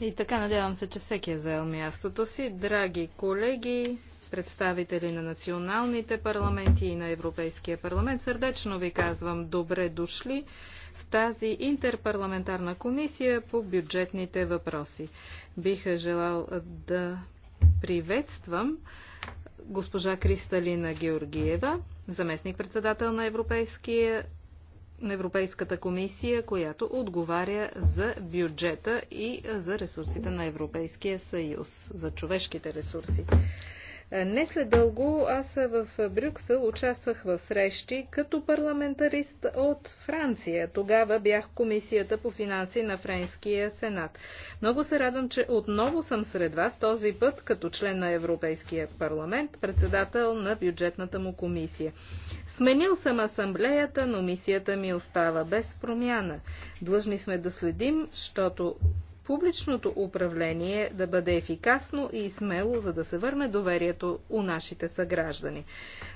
И така надявам се, че всеки е заел мястото си. Драги колеги, представители на националните парламенти и на Европейския парламент, сърдечно ви казвам добре дошли в тази интерпарламентарна комисия по бюджетните въпроси. Бих е желал да приветствам госпожа Кристалина Георгиева, заместник-председател на Европейския на Европейската комисия, която отговаря за бюджета и за ресурсите на Европейския съюз, за човешките ресурси. Не след дълго аз в Брюксел участвах в срещи като парламентарист от Франция. Тогава бях в Комисията по финанси на Френския сенат. Много се радвам, че отново съм сред вас, този път като член на Европейския парламент, председател на бюджетната му комисия. Сменил съм асамблеята, но мисията ми остава без промяна. Длъжни сме да следим, защото публичното управление да бъде ефикасно и смело, за да се върне доверието у нашите съграждани.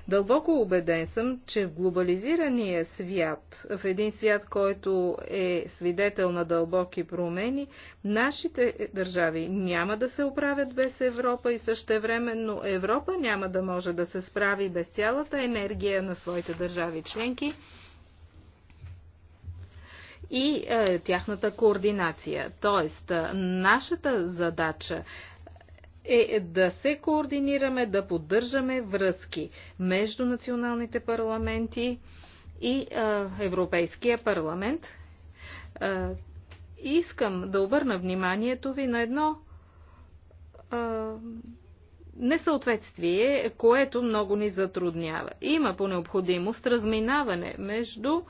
Дълбоко убеден съм, че в глобализирания свят, в един свят, който е свидетел на дълбоки промени, нашите държави няма да се оправят без Европа и същевременно Европа няма да може да се справи без цялата енергия на своите държави членки и е, тяхната координация. Тоест, е, нашата задача е да се координираме, да поддържаме връзки между националните парламенти и е, Европейския парламент. Е, искам да обърна вниманието ви на едно е, несъответствие, което много ни затруднява. Има по необходимост разминаване между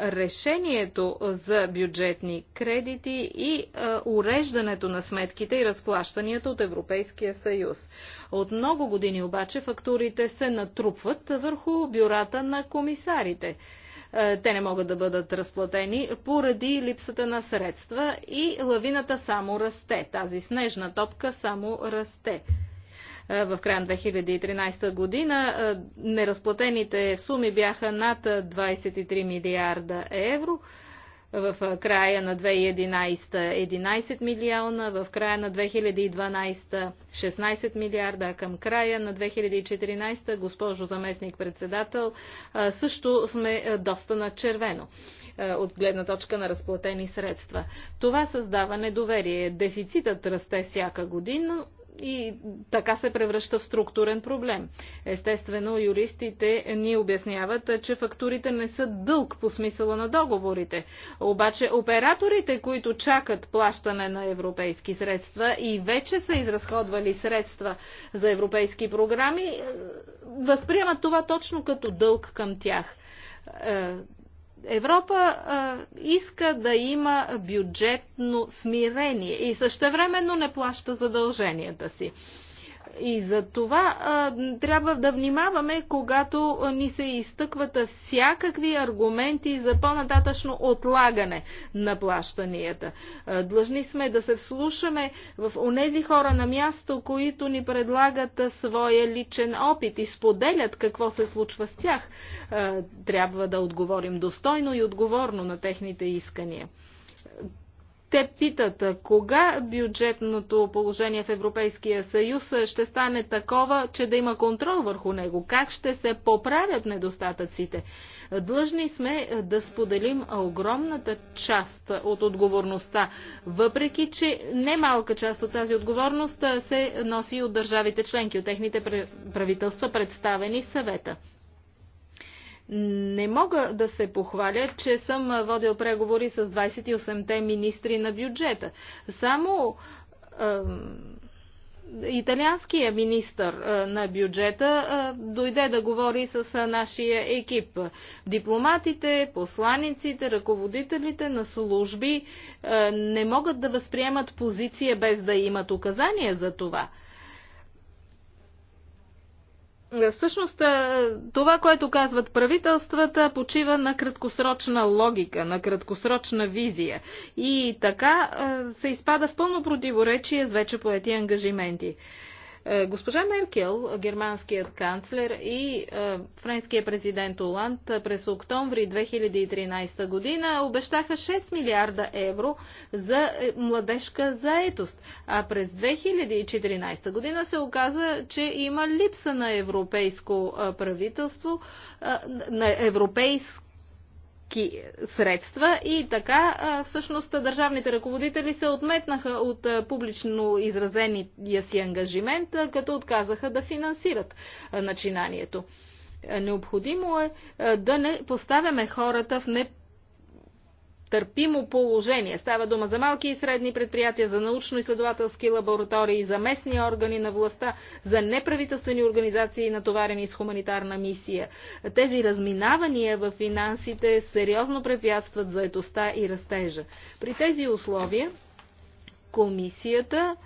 решението за бюджетни кредити и уреждането на сметките и разплащанията от Европейския съюз. От много години обаче фактурите се натрупват върху бюрата на комисарите те не могат да бъдат разплатени поради липсата на средства и лавината само расте. Тази снежна топка само расте. Е, в края на 2013 година. Е, неразплатените суми бяха над 23 е, милиарда евро в края на 2011 11 милиона, в края на 2012 16 милиарда, а към края на 2014, госпожо заместник председател, също сме доста на червено от гледна точка на разплатени средства. Това създава недоверие. Дефицитът расте всяка година, и така се превръща в структурен проблем. Естествено, юристите ни обясняват, че фактурите не са дълг по смисъла на договорите. Обаче операторите, които чакат плащане на европейски средства и вече са изразходвали средства за европейски програми, възприемат това точно като дълг към тях е, Европа а, иска да има бюджетно смирение и същевременно не плаща задълженията си. И за това а, трябва да внимаваме, когато ни се изтъкват всякакви аргументи за по-нататъчно отлагане на плащанията. А, длъжни сме да се вслушаме в онези хора на място, които ни предлагат своя личен опит и споделят какво се случва с тях. А, трябва да отговорим достойно и отговорно на техните искания те питат кога бюджетното положение в Европейския съюз ще стане такова, че да има контрол върху него, как ще се поправят недостатъците. Длъжни сме да споделим огромната част от отговорността, въпреки че немалка част от тази отговорност се носи от държавите членки, от техните правителства, представени в съвета. Не мога да се похваля, че съм водил преговори с 28-те министри на бюджета. Само е, италианският министр на бюджета дойде да говори с нашия екип. Дипломатите, посланиците, ръководителите на служби не могат да възприемат позиция без да имат указания за това. Всъщност, това, което казват правителствата, почива на краткосрочна логика, на краткосрочна визия. И така се изпада в пълно противоречие с вече поети ангажименти. Е, госпожа Меркел, германският канцлер и е, френският президент Оланд е, през октомври 2013 година обещаха 6 милиарда евро за младежка заетост. А през 2014 година се оказа, че има липса на европейско правителство, на европейско средства и така всъщност държавните ръководители се отметнаха от публично изразения си ангажимент, като отказаха да финансират начинанието. Необходимо е да не поставяме хората в не търпимо положение. Става дума за малки и средни предприятия, за научно-изследователски лаборатории, за местни органи на властта, за неправителствени организации, натоварени с хуманитарна мисия. Тези разминавания в финансите сериозно препятстват заедостта и растежа. При тези условия комисията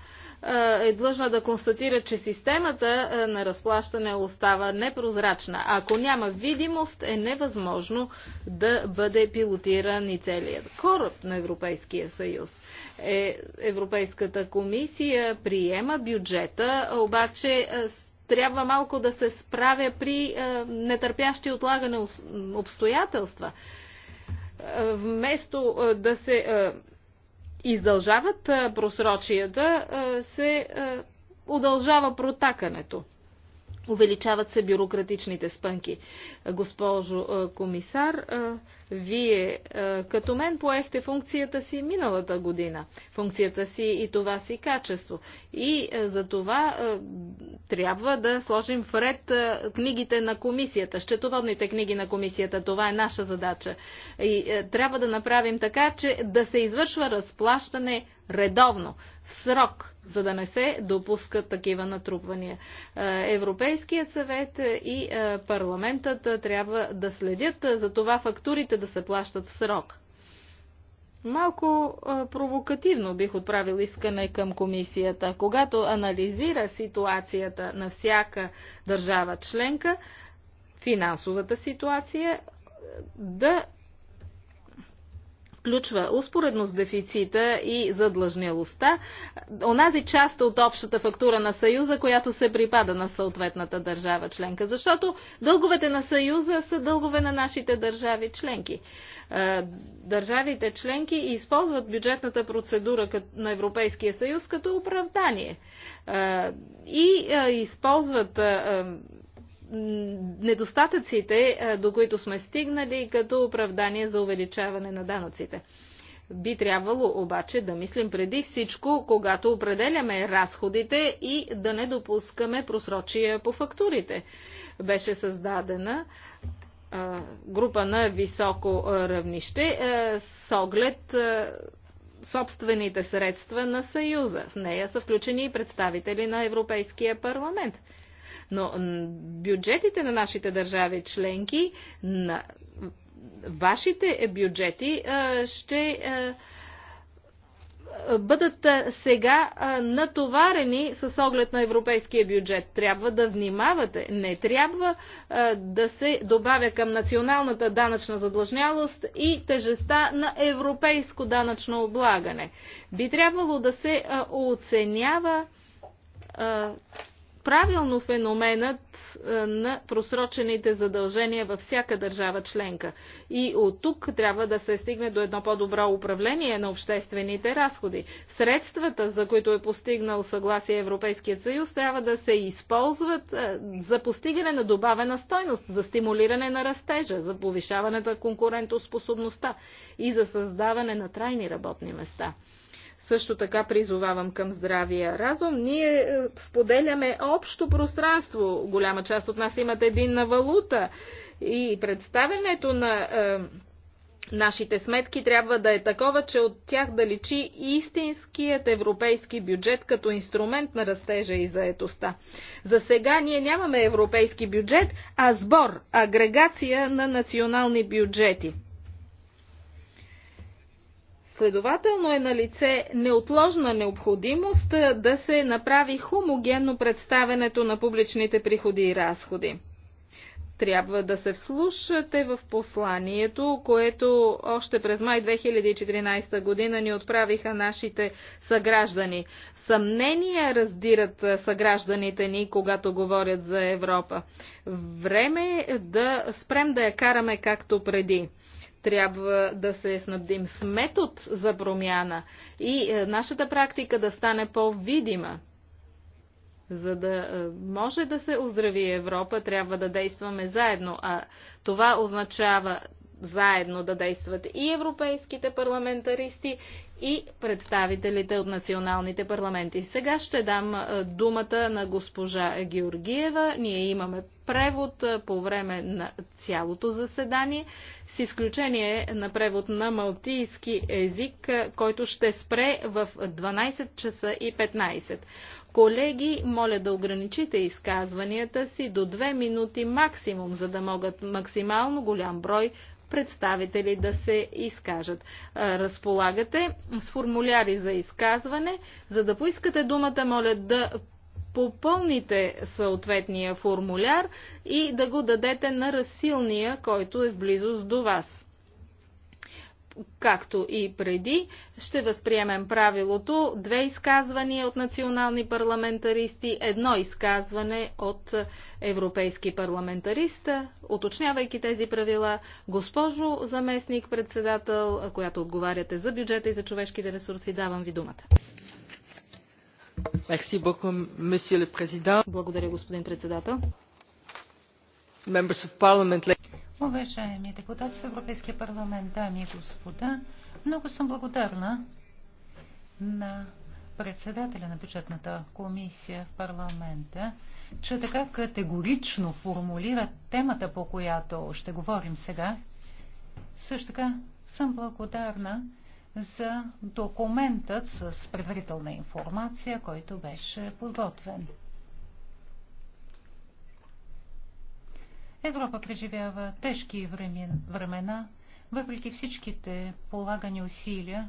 е, е длъжна да констатира, че системата е, на разплащане остава непрозрачна. Ако няма видимост, е невъзможно да бъде пилотиран и целият кораб на Европейския съюз. Е, Европейската комисия приема бюджета, обаче е, трябва малко да се справя при нетърпящи отлагане обстоятелства. Вместо да се издължават просрочията, се удължава протакането. Увеличават се бюрократичните спънки. Госпожо е, комисар, е, вие е, като мен поехте функцията си миналата година. Функцията си и това си качество. И за това трябва да сложим в ред книгите на комисията, счетоводните книги на комисията. Това е наша задача. И трябва да направим така, че да се извършва разплащане редовно, в срок, за да не се допускат такива натрупвания. Е, Европейският съвет и е, парламентът е, трябва да следят за това фактурите да се плащат в срок. Малко провокативно бих отправил искане към комисията. Когато анализира ситуацията на всяка държава членка, финансовата ситуация, да включва успоредно с дефицита и задлъжнялостта, онази част от общата фактура на Съюза, която се припада на съответната държава членка. Защото дълговете на Съюза са дългове на нашите държави членки. Е, държавите членки използват бюджетната процедура на Европейския съюз като оправдание е, и е, използват недостатъците, до които сме стигнали, като оправдание за увеличаване на данъците. Би трябвало обаче да мислим преди всичко, когато определяме разходите и да не допускаме просрочия по фактурите. Беше създадена група на високо равнище с оглед собствените средства на Съюза. В нея са включени и представители на Европейския парламент. Но бюджетите на нашите държави членки, на вашите е, бюджети ще бъдат сега натоварени с оглед на европейския бюджет. Трябва да внимавате. Не трябва да се добавя към националната данъчна задлъжнялост и тежеста на европейско данъчно облагане. Би трябвало да се оценява правилно феноменът е, на просрочените задължения във всяка държава членка. И от тук трябва да се стигне до едно по-добро управление на обществените разходи. Средствата, за които е постигнал съгласие Европейският съюз, трябва да се използват е, за постигане на добавена стойност, за стимулиране на растежа, за повишаване на конкурентоспособността и за създаване на трайни работни места също така призовавам към здравия разум. Ние е, споделяме общо пространство. Голяма част от нас имат единна валута. И представенето на е, нашите сметки трябва да е такова, че от тях да личи истинският европейски бюджет като инструмент на растежа и заетостта. За сега ние нямаме европейски бюджет, а сбор, агрегация на национални бюджети. Следователно е на лице неотложна необходимост да се направи хомогенно представенето на публичните приходи и разходи. Трябва да се вслушате в посланието, което още през май 2014 година ни отправиха нашите съграждани. Съмнения раздират съгражданите ни, когато говорят за Европа. Време е да спрем да я караме както преди. Трябва да се снабдим с метод за промяна и е, нашата практика да стане по-видима. За да е, може да се оздрави Европа, трябва да действаме заедно, а това означава заедно да действат и европейските парламентаристи, и представителите от националните парламенти. Сега ще дам думата на госпожа Георгиева. Ние имаме превод по време на цялото заседание, с изключение на превод на малтийски език, който ще спре в 12 часа и 15. Колеги, моля да ограничите изказванията си до две минути максимум, за да могат максимално голям брой представители да се изкажат. Разполагате с формуляри за изказване. За да поискате думата, моля да попълните съответния формуляр и да го дадете на разсилния, който е в близост до вас както и преди, ще възприемем правилото две изказвания от национални парламентаристи, едно изказване от европейски парламентарист. Оточнявайки тези правила, госпожо заместник председател, която отговаряте за бюджета и за човешките ресурси, давам ви думата. Благодаря, господин председател. Уважаеми депутати в Европейския парламент, дами и господа, много съм благодарна на председателя на бюджетната комисия в парламента, че така категорично формулира темата, по която ще говорим сега. Също така съм благодарна за документът с предварителна информация, който беше подготвен. Европа преживява тежки времена, въпреки всичките полагани усилия.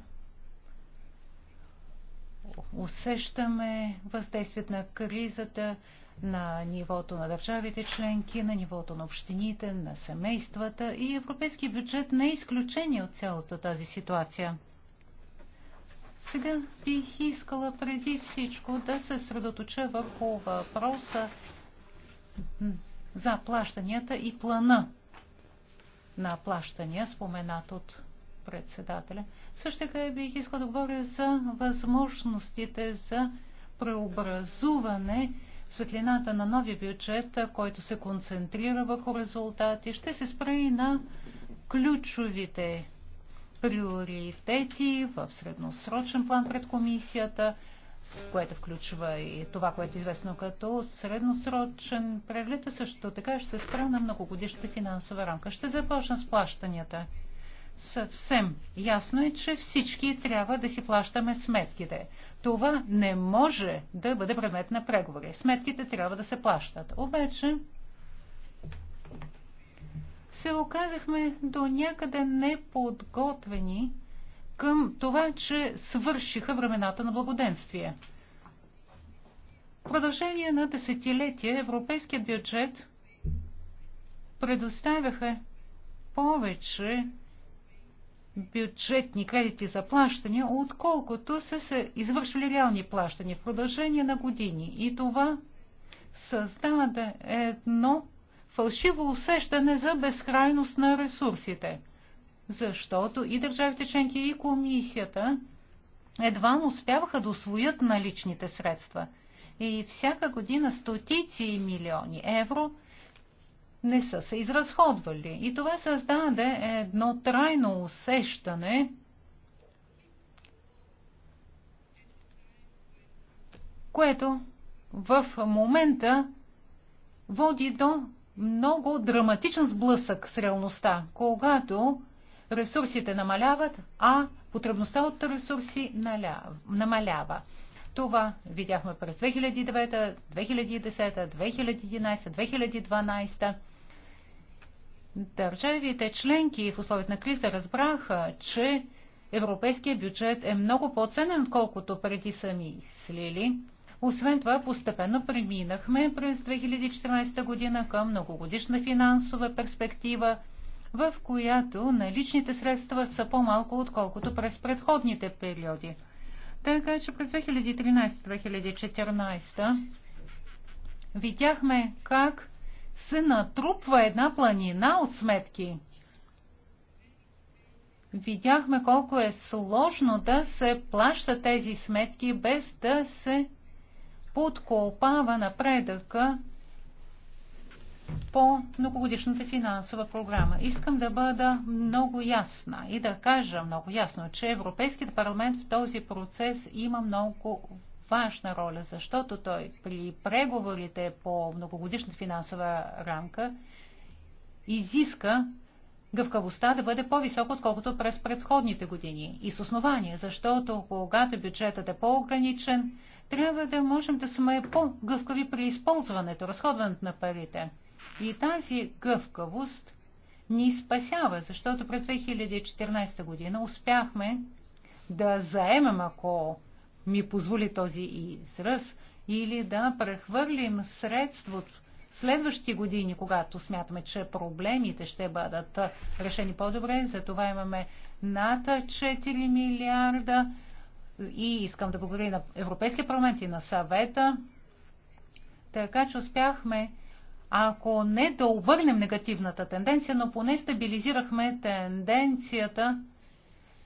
Усещаме въздействието на кризата на нивото на държавите членки, на нивото на общините, на семействата и европейски бюджет не е изключение от цялата тази ситуация. Сега бих искала преди всичко да се средоточа върху въпроса за плащанията и плана на плащания, споменат от председателя. Също така бих искал да говоря за възможностите за преобразуване светлината на новия бюджет, който се концентрира върху резултати. Ще се спре и на ключовите приоритети в средносрочен план пред комисията – което включва и това, което е известно като средносрочен преглед, а също така ще се спра на многогодишната финансова рамка. Ще започна с плащанията. Съвсем ясно е, че всички трябва да си плащаме сметките. Това не може да бъде предмет на преговори. Сметките трябва да се плащат. Обаче се оказахме до някъде неподготвени към това, че свършиха времената на благоденствие. В продължение на десетилетия европейският бюджет предоставяха повече бюджетни кредити за плащания, отколкото са се извършили реални плащания в продължение на години. И това създаде едно фалшиво усещане за безкрайност на ресурсите – защото и държавите членки, и комисията едва успяваха да освоят наличните средства. И всяка година стотици милиони евро не са се изразходвали. И това създаде едно трайно усещане, което в момента води до много драматичен сблъсък с реалността, когато ресурсите намаляват, а потребността от ресурси намалява. Това видяхме през 2009, 2010, 2011, 2012. Държавите членки в условията на криза разбраха, че европейският бюджет е много по-ценен, колкото преди са мислили. Освен това, постепенно преминахме през 2014 година към многогодишна финансова перспектива – в която наличните средства са по-малко, отколкото през предходните периоди. Така че през 2013-2014 видяхме как се натрупва една планина от сметки. Видяхме колко е сложно да се плащат тези сметки без да се подкопава напредъка по многогодишната финансова програма. Искам да бъда много ясна и да кажа много ясно, че Европейският парламент в този процес има много важна роля, защото той при преговорите по многогодишната финансова рамка изиска гъвкавостта да бъде по-висока, отколкото през предходните години. И с основание, защото когато бюджетът е по-ограничен, трябва да можем да сме по-гъвкави при използването, разходването на парите. И тази гъвкавост ни спасява, защото през 2014 година успяхме да заемем, ако ми позволи този израз, или да прехвърлим средството от следващи години, когато смятаме, че проблемите ще бъдат решени по-добре. Затова имаме над 4 милиарда и искам да благодаря на Европейския парламент и на съвета. Така че успяхме ако не да обърнем негативната тенденция, но поне стабилизирахме тенденцията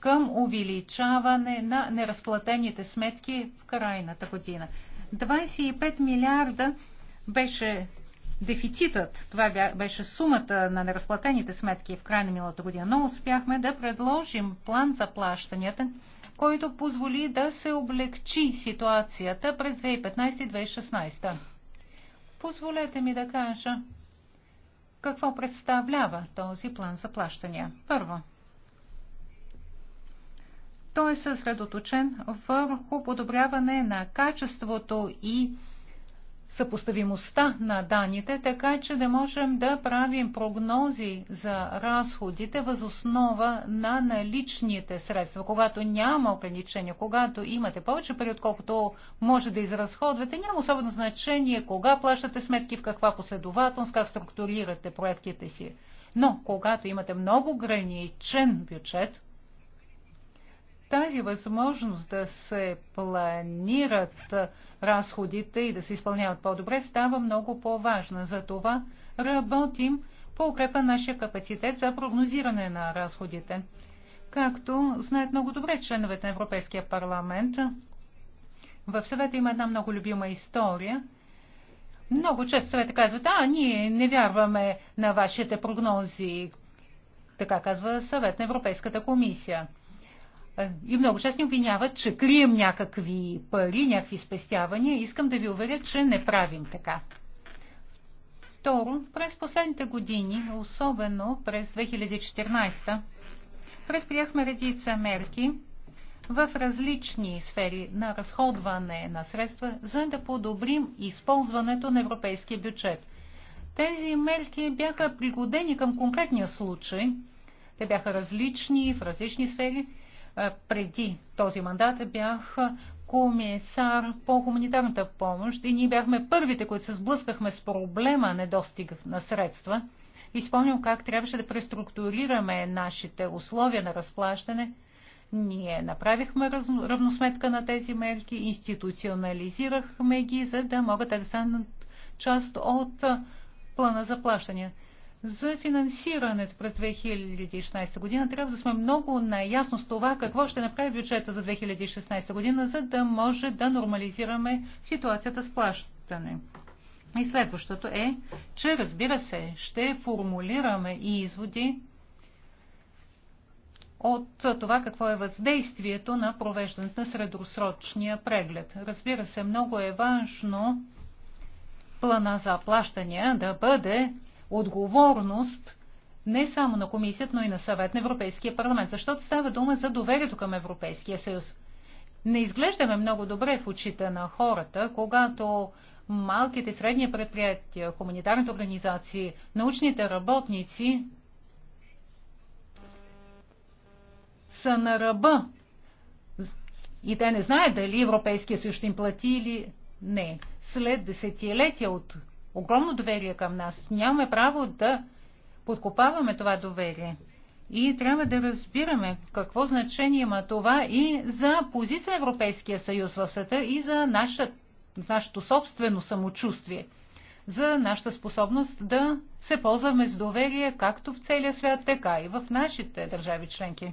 към увеличаване на неразплатените сметки в крайната година. 25 милиарда беше дефицитът, това беше сумата на неразплатените сметки в края на миналата година, но успяхме да предложим план за плащанията, който позволи да се облегчи ситуацията през 2015-2016. Позволете ми да кажа какво представлява този план за плащания. Първо, той е съсредоточен върху подобряване на качеството и съпоставимостта на данните, така че да можем да правим прогнози за разходите възоснова на наличните средства. Когато няма ограничения, когато имате повече пари, отколкото може да изразходвате, няма особено значение кога плащате сметки, в каква последователност, как структурирате проектите си. Но когато имате много ограничен бюджет, тази възможност да се планират разходите и да се изпълняват по-добре става много по-важна. Затова работим по укрепа нашия капацитет за прогнозиране на разходите. Както знаят много добре членовете на Европейския парламент, в съвета има една много любима история. Много често съвета казват, а, ние не вярваме на вашите прогнози. Така казва съвет на Европейската комисия. Е, и много често ни обвиняват, че крием някакви пари, някакви спестявания. Искам да ви уверя, че не правим така. Второ, през последните години, особено през 2014, предприехме редица мерки в различни сфери на разходване на средства, за да подобрим използването на европейския бюджет. Тези мерки бяха пригодени към конкретния случай. Те бяха различни в различни сфери е, преди този мандат бях комисар по хуманитарната помощ и ние бяхме първите, които се сблъскахме с проблема недостиг на средства. Изпомням как трябваше да преструктурираме нашите условия на разплащане. Ние направихме равносметка на тези мерки, институционализирахме ги, за да могат да станат част от плана за плащания. За финансирането през 2016 година трябва да сме много наясно с това какво ще направи бюджета за 2016 година, за да може да нормализираме ситуацията с плащане. И следващото е, че разбира се, ще формулираме и изводи от това какво е въздействието на провеждането на средосрочния преглед. Разбира се, много е важно плана за плащания да бъде отговорност не само на комисията, но и на съвет на Европейския парламент, защото става дума за доверието към Европейския съюз. Не изглеждаме много добре в очите на хората, когато малките и средни предприятия, хуманитарните организации, научните работници са на ръба и те не знаят дали Европейския съюз ще им плати или не. След десетилетия от огромно доверие към нас. Нямаме право да подкопаваме това доверие. И трябва да разбираме какво значение има това и за позиция Европейския съюз в света и за наша, нашето собствено самочувствие, за нашата способност да се ползваме с доверие както в целия свят, така и в нашите държави членки.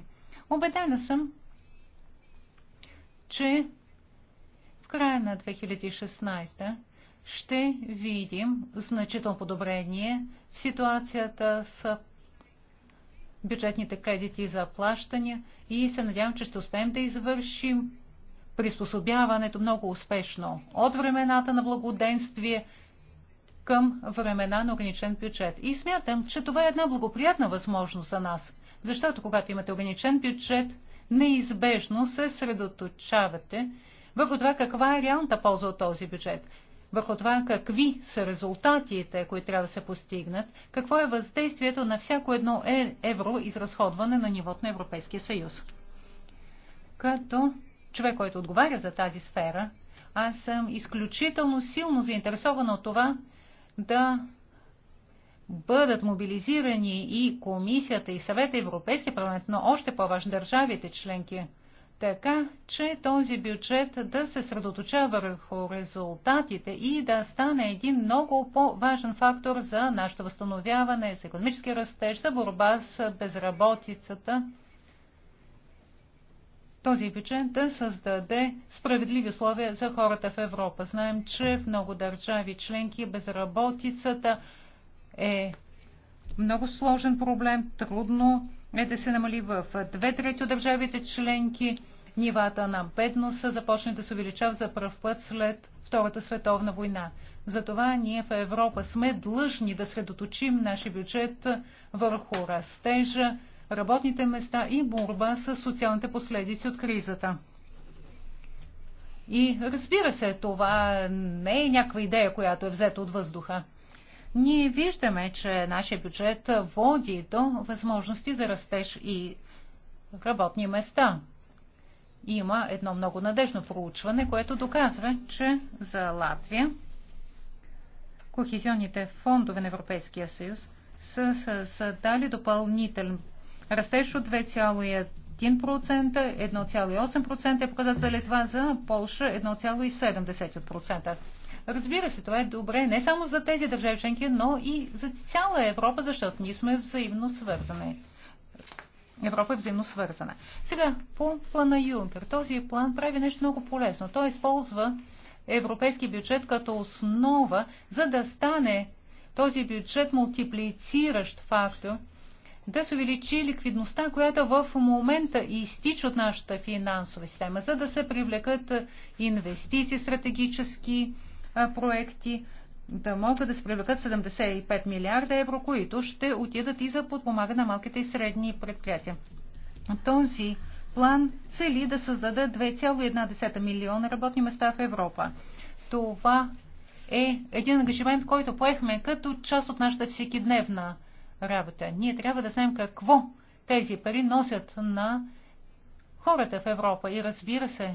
Обедена съм, че в края на 2016 ще видим значително подобрение в ситуацията с бюджетните кредити за плащания и се надявам, че ще успеем да извършим приспособяването много успешно от времената на благоденствие към времена на ограничен бюджет. И смятам, че това е една благоприятна възможност за нас, защото когато имате ограничен бюджет, неизбежно се средоточавате върху това каква е реалната полза от този бюджет върху това какви са резултатите, които трябва да се постигнат, какво е въздействието на всяко едно е, евро изразходване на нивото на Европейския съюз. Като човек, който отговаря за тази сфера, аз съм изключително силно заинтересована от това да бъдат мобилизирани и комисията, и съвета Европейския парламент, но още по-важно държавите членки – така че този бюджет да се средоточава върху резултатите и да стане един много по-важен фактор за нашето възстановяване, за економически растеж, за борба с безработицата. Този бюджет да създаде справедливи условия за хората в Европа. Знаем, че в много държави членки безработицата е много сложен проблем, трудно е да се намали в две трети от държавите членки. Нивата на бедност започне да се увеличава за първ път след Втората световна война. Затова ние в Европа сме длъжни да средоточим нашия бюджет върху растежа, работните места и борба с социалните последици от кризата. И разбира се, това не е някаква идея, която е взета от въздуха. Ние виждаме, че нашия бюджет води до възможности за растеж и работни места. Има едно много надежно проучване, което доказва, че за Латвия кохезионните фондове на Европейския съюз са, са, са дали допълнителен растеж от 2,1%, 1,8% е за Литва, за Полша 1,7%. Разбира се, това е добре не само за тези държави членки, но и за цяла Европа, защото ние сме взаимно свързани. Европа е взаимно свързана. Сега, по плана Юнкер. Този план прави нещо много полезно. Той използва европейски бюджет като основа, за да стане този бюджет мултиплициращ фактор, да се увеличи ликвидността, която в момента изтича от нашата финансова система, за да се привлекат инвестиции, стратегически проекти, да могат да се привлекат 75 милиарда евро, които ще отидат и за подпомагане на малките и средни предприятия. Този план цели да създаде 2,1 милиона работни места в Европа. Това е един ангажимент, който поехме като част от нашата всекидневна работа. Ние трябва да знаем какво тези пари носят на хората в Европа. И разбира се,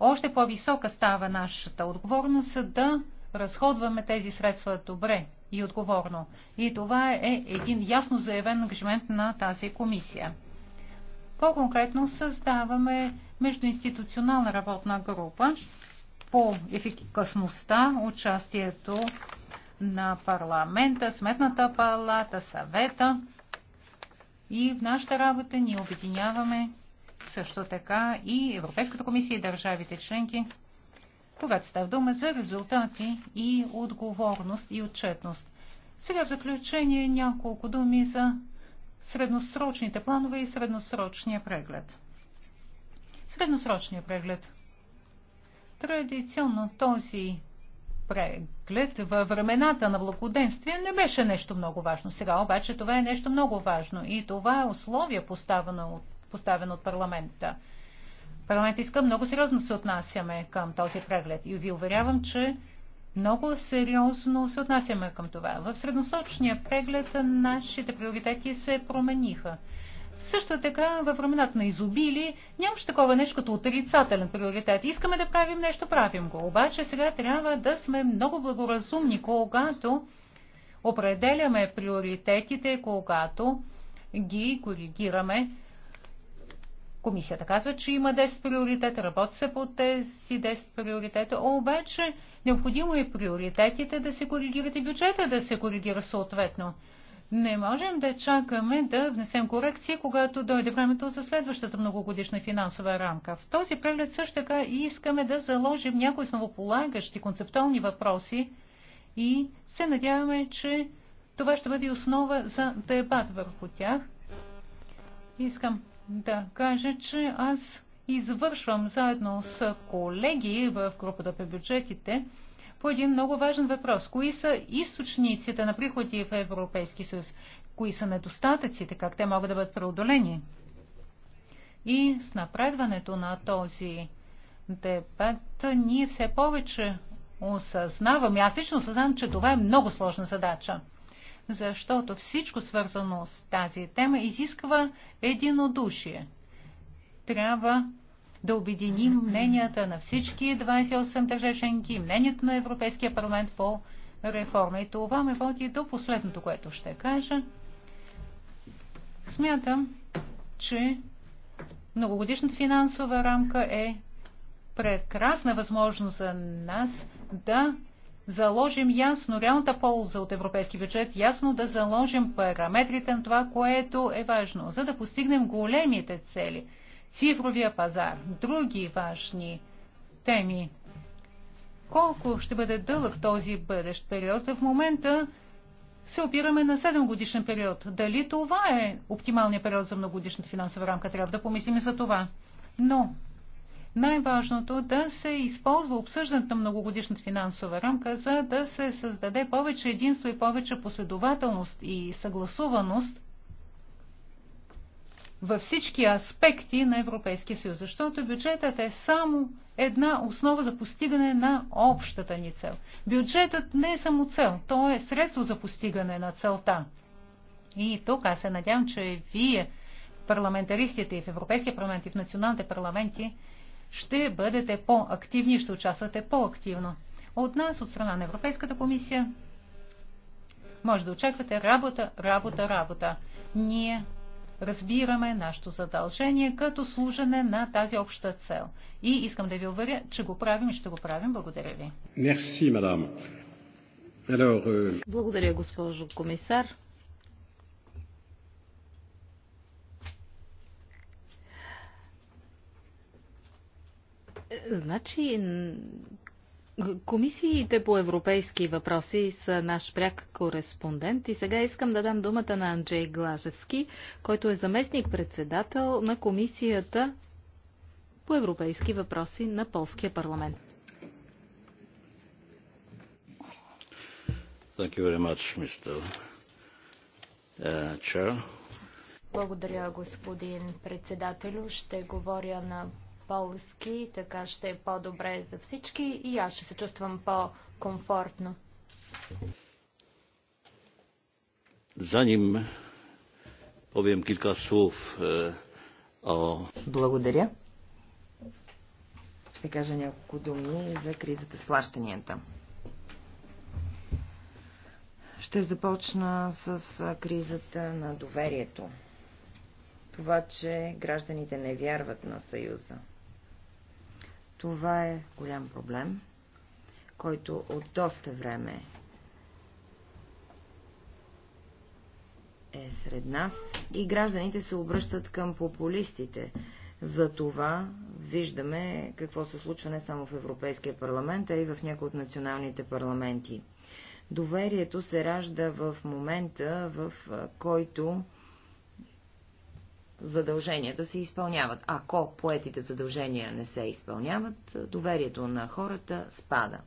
още по-висока става нашата отговорност да разходваме тези средства добре и отговорно. И това е един ясно заявен ангажимент на тази комисия. По-конкретно създаваме междуинституционална работна група по ефикасността, участието на парламента, сметната палата, съвета. И в нашата работа ние обединяваме също така и Европейската комисия и държавите членки, когато става дума за резултати и отговорност и отчетност. Сега в заключение няколко думи за средносрочните планове и средносрочния преглед. Средносрочния преглед. Традиционно този преглед във времената на благоденствие не беше нещо много важно. Сега обаче това е нещо много важно и това е условие поставено от поставен от парламента. Парламент иска много сериозно се отнасяме към този преглед и ви уверявам, че много сериозно се отнасяме към това. В средносочния преглед нашите приоритети се промениха. Също така, във времената на изобили нямаше такова нещо като отрицателен приоритет. Искаме да правим нещо, правим го. Обаче сега трябва да сме много благоразумни, когато определяме приоритетите, когато ги коригираме Комисията казва, че има 10 приоритета, работи се по тези 10 приоритета, обаче необходимо е приоритетите да се коригират и бюджета да се коригира съответно. Не можем да чакаме да внесем корекции, когато дойде времето за следващата многогодишна финансова рамка. В този преглед също така и искаме да заложим някои основополагащи концептуални въпроси и се надяваме, че това ще бъде основа за дебат върху тях. Искам да кажа, че аз извършвам заедно с колеги в групата по бюджетите по един много важен въпрос. Кои са източниците на приходи в Европейски съюз? Кои са недостатъците? Как те могат да бъдат преодолени? И с напредването на този дебат ние все повече осъзнавам. Аз лично осъзнавам, че това е много сложна задача защото всичко свързано с тази тема изисква единодушие. Трябва да обединим мненията на всички 28 държави мнението на Европейския парламент по реформа. И това ме води до последното, което ще кажа. Смятам, че многогодишната финансова рамка е прекрасна възможност за нас да заложим ясно реалната полза от европейски бюджет, ясно да заложим параметрите на това, което е важно, за да постигнем големите цели. Цифровия пазар, други важни теми. Колко ще бъде дълъг този бъдещ период? В момента се опираме на 7 годишен период. Дали това е оптималният период за многогодишната финансова рамка? Трябва да помислим за това. Но най-важното да се използва обсъждането на многогодишната финансова рамка, за да се създаде повече единство и повече последователност и съгласуваност във всички аспекти на Европейския съюз, защото бюджетът е само една основа за постигане на общата ни цел. Бюджетът не е само цел, то е средство за постигане на целта. И тук аз се надявам, че вие, парламентаристите и в Европейския парламент, и в националните парламенти, ще бъдете по-активни и ще участвате по-активно. От нас, от страна на Европейската комисия, може да очаквате работа, работа, работа. Ние разбираме нашето задължение като служене на тази обща цел. И искам да ви уверя, че го правим и ще го правим. Благодаря ви. Euh, Благодаря, госпожо комисар. Значи, комисиите по европейски въпроси са наш пряк кореспондент и сега искам да дам думата на Анджей Глажевски, който е заместник-председател на комисията по европейски въпроси на Полския парламент. Uh, Благодаря, господин председател. Ще говоря на полски, така ще е по-добре за всички и аз ще се чувствам по-комфортно. Zanim powiem kilka слов о... E, Благодаря. Ще кажа няколко думи за кризата с плащанията. Ще започна с кризата на доверието. Това, че гражданите не вярват на Съюза – това е голям проблем, който от доста време е сред нас и гражданите се обръщат към популистите. За това виждаме какво се случва не само в Европейския парламент, а и в някои от националните парламенти. Доверието се ражда в момента, в който задълженията се изпълняват. Ако поетите задължения не се изпълняват, доверието на хората спада.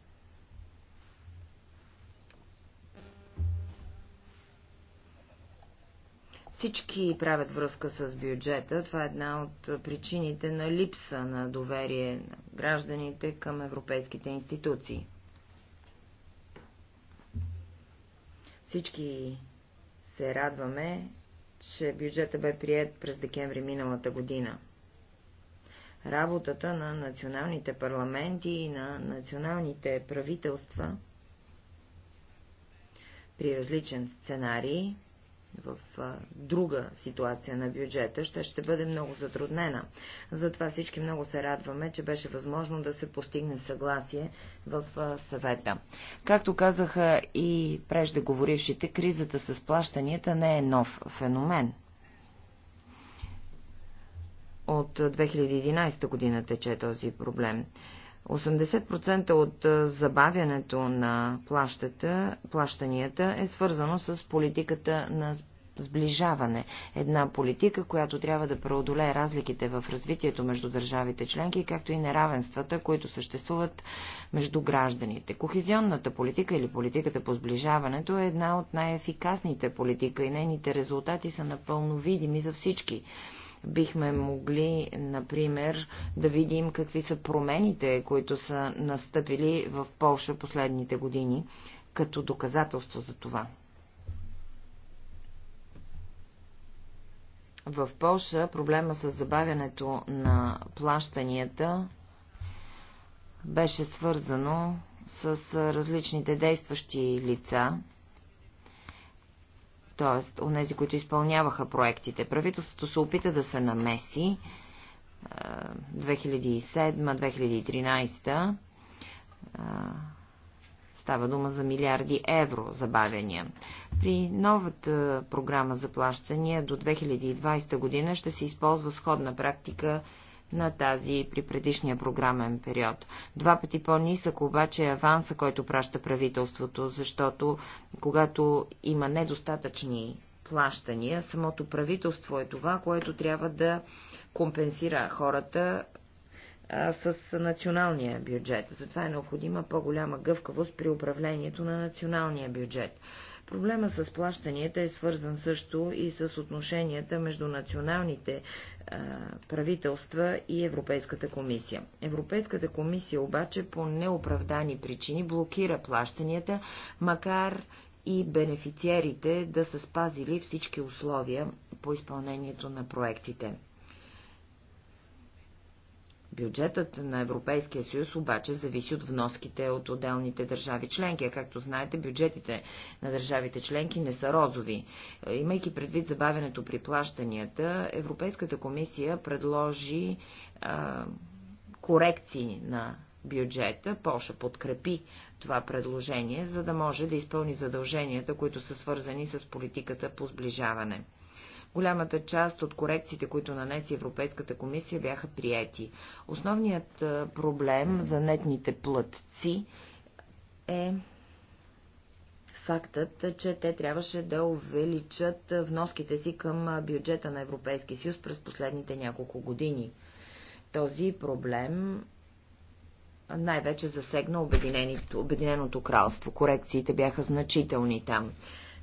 Всички правят връзка с бюджета. Това е една от причините на липса на доверие на гражданите към европейските институции. Всички се радваме, че бюджета бе прият през декември миналата година. Работата на националните парламенти и на националните правителства при различен сценарий в друга ситуация на бюджета, ще, ще бъде много затруднена. Затова всички много се радваме, че беше възможно да се постигне съгласие в съвета. Както казаха и преждеговорившите, кризата с плащанията не е нов феномен. От 2011 година тече този проблем. 80% от забавянето на плащата, плащанията е свързано с политиката на сближаване. Една политика, която трябва да преодолее разликите в развитието между държавите членки, както и неравенствата, които съществуват между гражданите. Кохезионната политика или политиката по сближаването е една от най-ефикасните политика и нейните резултати са напълно видими за всички. Бихме могли, например, да видим какви са промените, които са настъпили в Польша последните години, като доказателство за това. В Польша проблема с забавянето на плащанията беше свързано с различните действащи лица, т.е. онези, които изпълняваха проектите. Правителството се опита да се намеси 2007-2013 Става дума за милиарди евро забавения. При новата програма за плащания до 2020 година ще се използва сходна практика на тази при предишния програмен период. Два пъти по-нисък обаче е аванса, който праща правителството, защото когато има недостатъчни плащания, самото правителство е това, което трябва да компенсира хората а, с националния бюджет. Затова е необходима по-голяма гъвкавост при управлението на националния бюджет. Проблема с плащанията е свързан също и с отношенията между националните а, правителства и Европейската комисия. Европейската комисия обаче по неоправдани причини блокира плащанията, макар и бенефициерите да са спазили всички условия по изпълнението на проектите. Бюджетът на Европейския съюз обаче зависи от вноските от отделните държави членки, а както знаете, бюджетите на държавите членки не са розови. Имайки предвид забавянето при плащанията, Европейската комисия предложи а, корекции на бюджета. Польша подкрепи това предложение, за да може да изпълни задълженията, които са свързани с политиката по сближаване. Голямата част от корекциите, които нанесе Европейската комисия, бяха приети. Основният проблем за нетните плътци е фактът, че те трябваше да увеличат вноските си към бюджета на Европейския съюз през последните няколко години. Този проблем най-вече засегна Обединеното кралство. Корекциите бяха значителни там.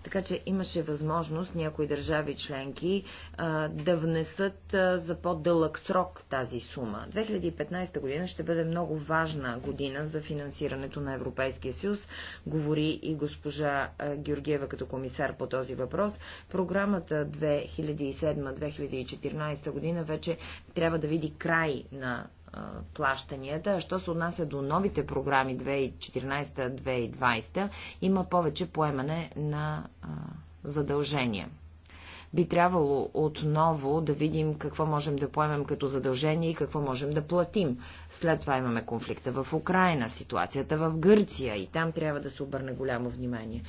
Така че имаше възможност някои държави членки а, да внесат а, за по-дълъг срок тази сума. 2015 година ще бъде много важна година за финансирането на Европейския съюз. Говори и госпожа а, Георгиева като комисар по този въпрос. Програмата 2007-2014 година вече трябва да види край на плащанията. Що се отнася до новите програми 2014-2020, има повече поемане на задължения би трябвало отново да видим какво можем да поемем като задължение и какво можем да платим. След това имаме конфликта в Украина, ситуацията в Гърция и там трябва да се обърне голямо внимание.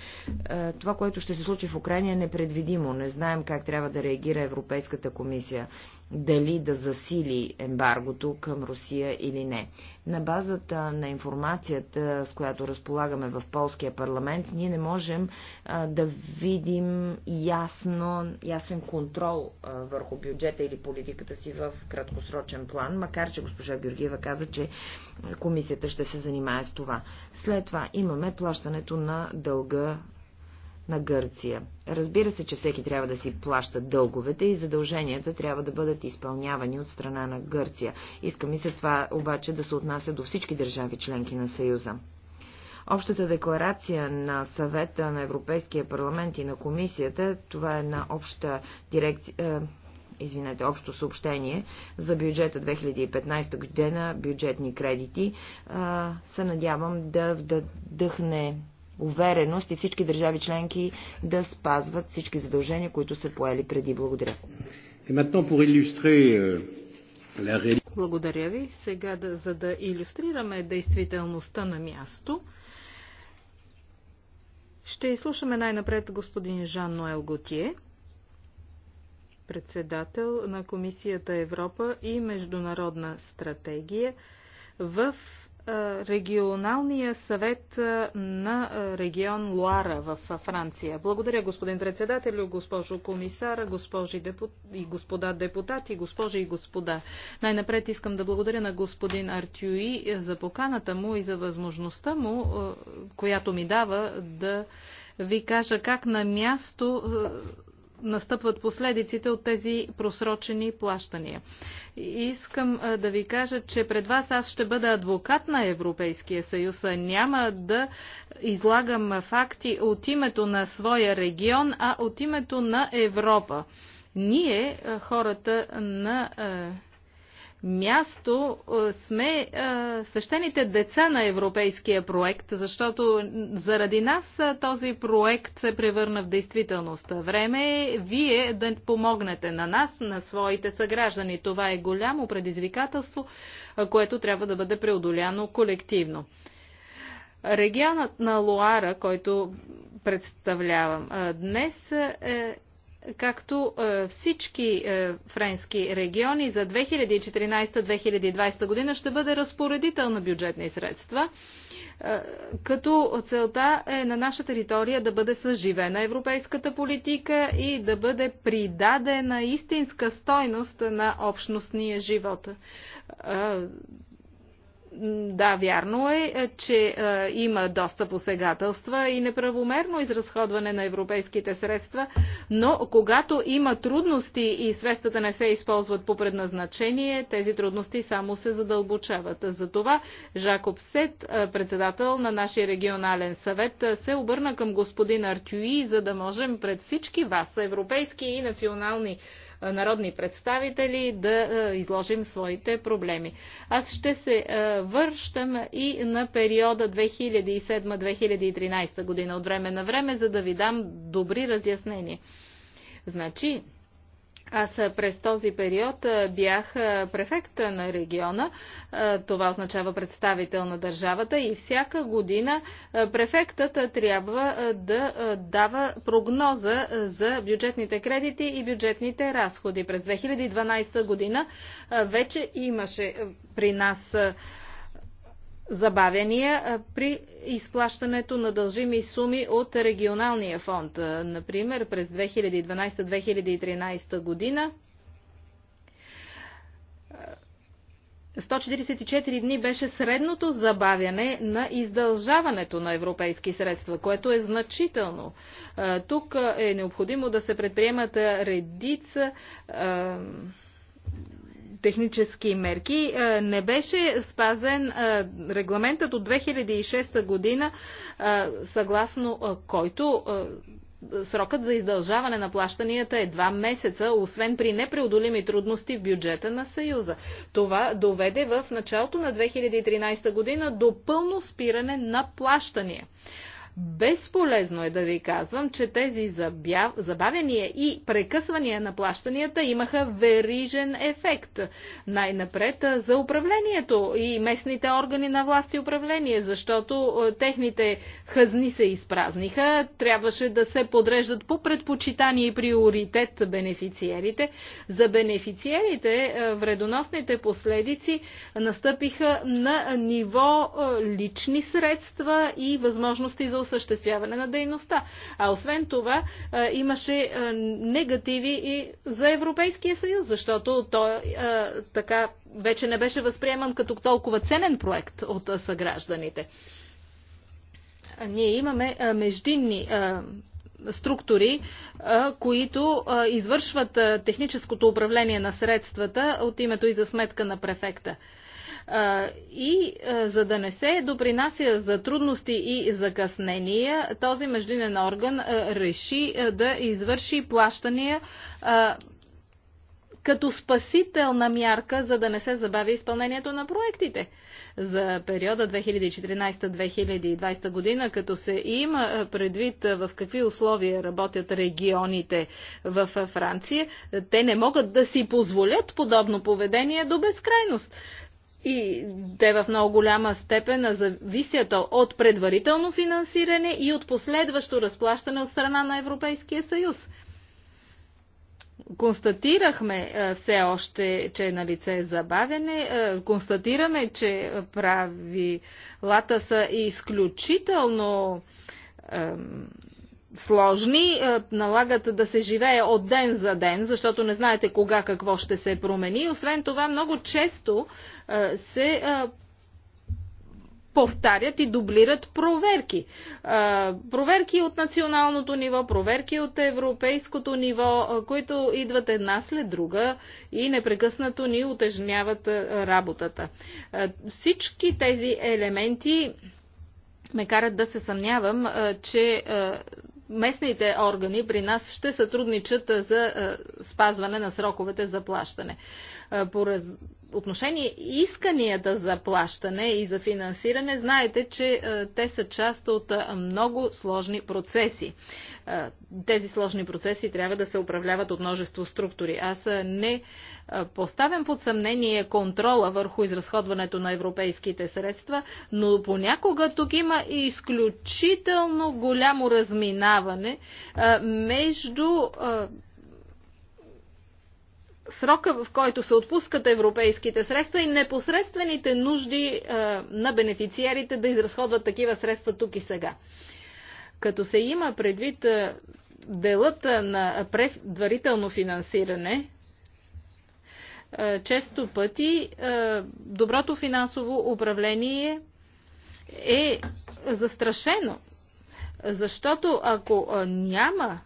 Е, това, което ще се случи в Украина е непредвидимо. Не знаем как трябва да реагира Европейската комисия. Дали да засили ембаргото към Русия или не. На базата на информацията, с която разполагаме в полския парламент, ние не можем а, да видим ясно, ясен контрол а, върху бюджета или политиката си в краткосрочен план, макар че госпожа Георгиева каза, че комисията ще се занимае с това. След това имаме плащането на дълга на Гърция. Разбира се, че всеки трябва да си плаща дълговете и задълженията трябва да бъдат изпълнявани от страна на Гърция. Иска ми се това обаче да се отнася до всички държави членки на Съюза. Общата декларация на съвета на Европейския парламент и на комисията, това е на обща дирекция, е, извинете, общо съобщение за бюджета 2015 година, бюджетни кредити, е, се надявам да вдъхне увереност и всички държави членки да спазват всички задължения, които са поели преди. Благодаря. Euh, Благодаря ви. Сега, да, за да иллюстрираме действителността на място, ще изслушаме най-напред господин Жан Ноел Готие, председател на Комисията Европа и Международна стратегия в е, регионалния съвет е, на е, регион Луара в Франция. Благодаря, господин председател, госпожо комисар, госпожи депут... и господа депутати, госпожи и господа. Най-напред искам да благодаря на господин Артюи за поканата му и за възможността му, която ми дава да ви кажа как на място настъпват последиците от тези просрочени плащания. Искам да ви кажа, че пред вас аз ще бъда адвокат на Европейския съюз. Няма да излагам факти от името на своя регион, а от името на Европа. Ние, хората на място е, сме е, същените деца на европейския проект, защото заради нас е, този проект се превърна в действителност. Време е вие да помогнете на нас, на своите съграждани. Това е голямо предизвикателство, което трябва да бъде преодоляно колективно. Регионът на Луара, който представлявам днес, е както е, всички е, френски региони за 2014-2020 година ще бъде разпоредител на бюджетни средства, е, като целта е на наша територия да бъде съживена европейската политика и да бъде придадена истинска стойност на общностния живот. Да, вярно е, е, че е, има доста посегателства и неправомерно изразходване на европейските средства, но когато има трудности и средствата не се използват по предназначение, тези трудности само се задълбочават. Затова Жакоб Сет, е, председател на нашия регионален съвет, е, се обърна към господин Артюи, за да можем пред всички вас, европейски и национални народни представители да изложим своите проблеми. Аз ще се връщам и на периода 2007-2013 година от време на време, за да ви дам добри разяснения. Значи, аз през този период бях префект на региона. Това означава представител на държавата и всяка година префектът трябва да дава прогноза за бюджетните кредити и бюджетните разходи. През 2012 година вече имаше при нас забавяния при изплащането на дължими суми от регионалния фонд. Например, през 2012-2013 година 144 дни беше средното забавяне на издължаването на европейски средства, което е значително. Тук е необходимо да се предприемат редица технически мерки, е, не беше спазен е, регламентът от 2006 година, е, съгласно който срокът за издължаване на плащанията е два месеца, освен при непреодолими трудности в бюджета на Съюза. Това доведе в началото на 2013 година до пълно спиране на плащания. Безполезно е да ви казвам, че тези забавяния и прекъсвания на плащанията имаха верижен ефект. Най-напред за управлението и местните органи на власт и управление, защото техните хазни се изпразниха, трябваше да се подреждат по предпочитание и приоритет бенефициерите. За бенефициерите вредоносните последици настъпиха на ниво лични средства и възможности за осъществяване на дейността. А освен това имаше негативи и за Европейския съюз, защото той така вече не беше възприеман като толкова ценен проект от съгражданите. Ние имаме междинни структури, които извършват техническото управление на средствата от името и за сметка на префекта. И за да не се допринася за трудности и закъснения, този междинен орган реши да извърши плащания като спасителна мярка, за да не се забави изпълнението на проектите. За периода 2014-2020 година, като се има предвид в какви условия работят регионите в Франция, те не могат да си позволят подобно поведение до безкрайност и те в много голяма степен зависят от предварително финансиране и от последващо разплащане от страна на Европейския съюз. Констатирахме е, все още, че е на лице забавяне. Е, констатираме, че правилата са изключително сложни, е, налагат да се живее от ден за ден, защото не знаете кога какво ще се промени. Освен това, много често е, се е, повтарят и дублират проверки. Проверки от националното ниво, проверки от европейското ниво, които идват една след друга и непрекъснато ни утежняват работата. Всички тези елементи ме карат да се съмнявам, че местните органи при нас ще сътрудничат за спазване на сроковете за плащане. По раз отношение исканията за плащане и за финансиране, знаете, че е, те са част от е, много сложни процеси. Е, тези сложни процеси трябва да се управляват от множество структури. Аз не поставям под съмнение контрола върху изразходването на европейските средства, но понякога тук има и изключително голямо разминаване между срока, в който се отпускат европейските средства и непосредствените нужди е, на бенефициерите да изразходват такива средства тук и сега. Като се има предвид е, делата е, на предварително финансиране, често пъти доброто финансово управление е застрашено. Защото ако няма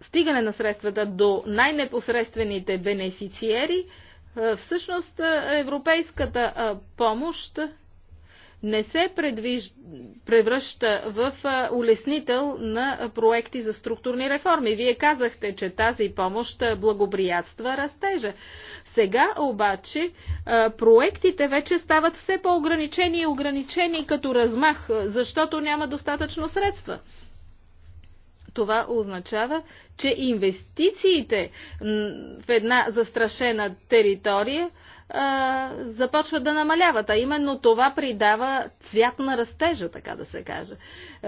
стигане на средствата до най-непосредствените бенефициери, е, всъщност е, европейската е, помощ не се предвиж... превръща в улеснител на проекти за структурни реформи. Вие казахте, че тази помощ благоприятства растежа. Сега обаче проектите вече стават все по-ограничени и ограничени като размах, защото няма достатъчно средства. Това означава, че инвестициите в една застрашена територия а, започват да намаляват, а именно това придава цвят на растежа, така да се каже.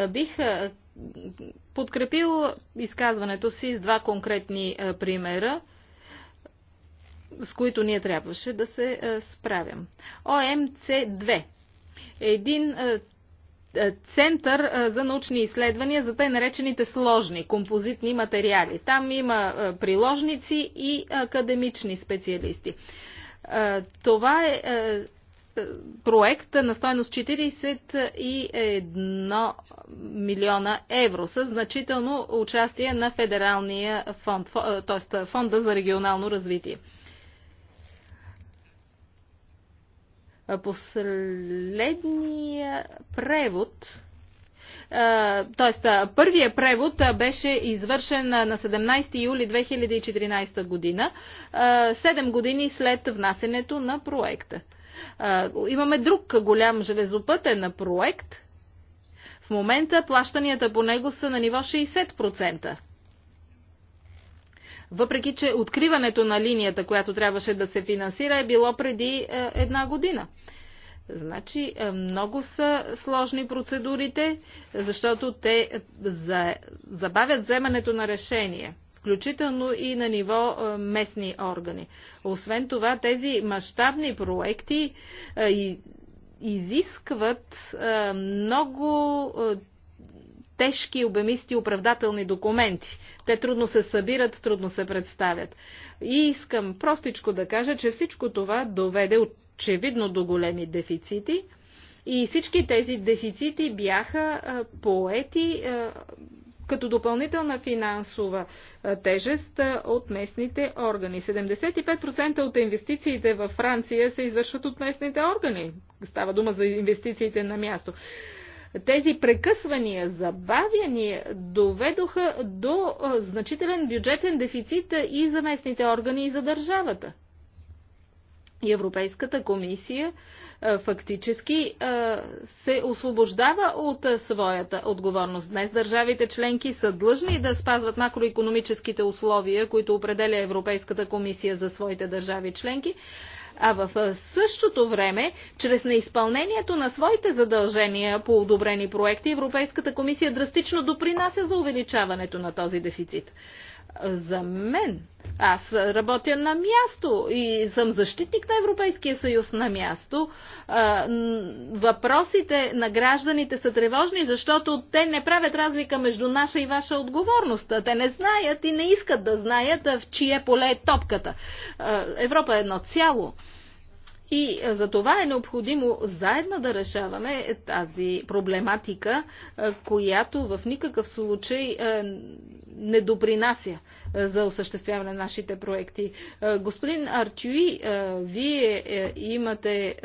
бих подкрепил изказването си с два конкретни примера с които ние трябваше да се справим. ОМЦ-2 един е, център е, за научни изследвания за тъй наречените сложни композитни материали. Там има е, приложници и академични специалисти. Това е проект на стойност 41 милиона евро с значително участие на Федералния фонд, т.е. Фонда за регионално развитие. Последния превод, т.е. първия превод беше извършен на 17 юли 2014 година, 7 години след внасенето на проекта. Имаме друг голям железопътен проект. В момента плащанията по него са на ниво 60%. Въпреки, че откриването на линията, която трябваше да се финансира, е било преди е, една година. Значи е, много са сложни процедурите, защото те е, забавят вземането на решение, включително и на ниво местни органи. Освен това, тези мащабни проекти изискват много тежки, обемисти оправдателни документи. Те трудно се събират, трудно се представят. И искам простичко да кажа, че всичко това доведе очевидно до големи дефицити. И всички тези дефицити бяха поети като допълнителна финансова тежест от местните органи. 75% от инвестициите във Франция се извършват от местните органи. Става дума за инвестициите на място. Тези прекъсвания, забавяния доведоха до значителен бюджетен дефицит и за местните органи и за държавата. И Европейската комисия фактически се освобождава от своята отговорност. Днес държавите членки са длъжни да спазват макроекономическите условия, които определя Европейската комисия за своите държави членки, а в същото време, чрез неизпълнението на своите задължения по одобрени проекти, Европейската комисия драстично допринася за увеличаването на този дефицит. За мен. Аз работя на място и съм защитник на Европейския съюз на място. Въпросите на гражданите са тревожни, защото те не правят разлика между наша и ваша отговорност. Те не знаят и не искат да знаят в чие поле е топката. Европа е едно цяло. И е, за това е необходимо заедно да решаваме тази проблематика, е, която в никакъв случай е, не допринася за осъществяване на нашите проекти. Господин Артюи, вие имате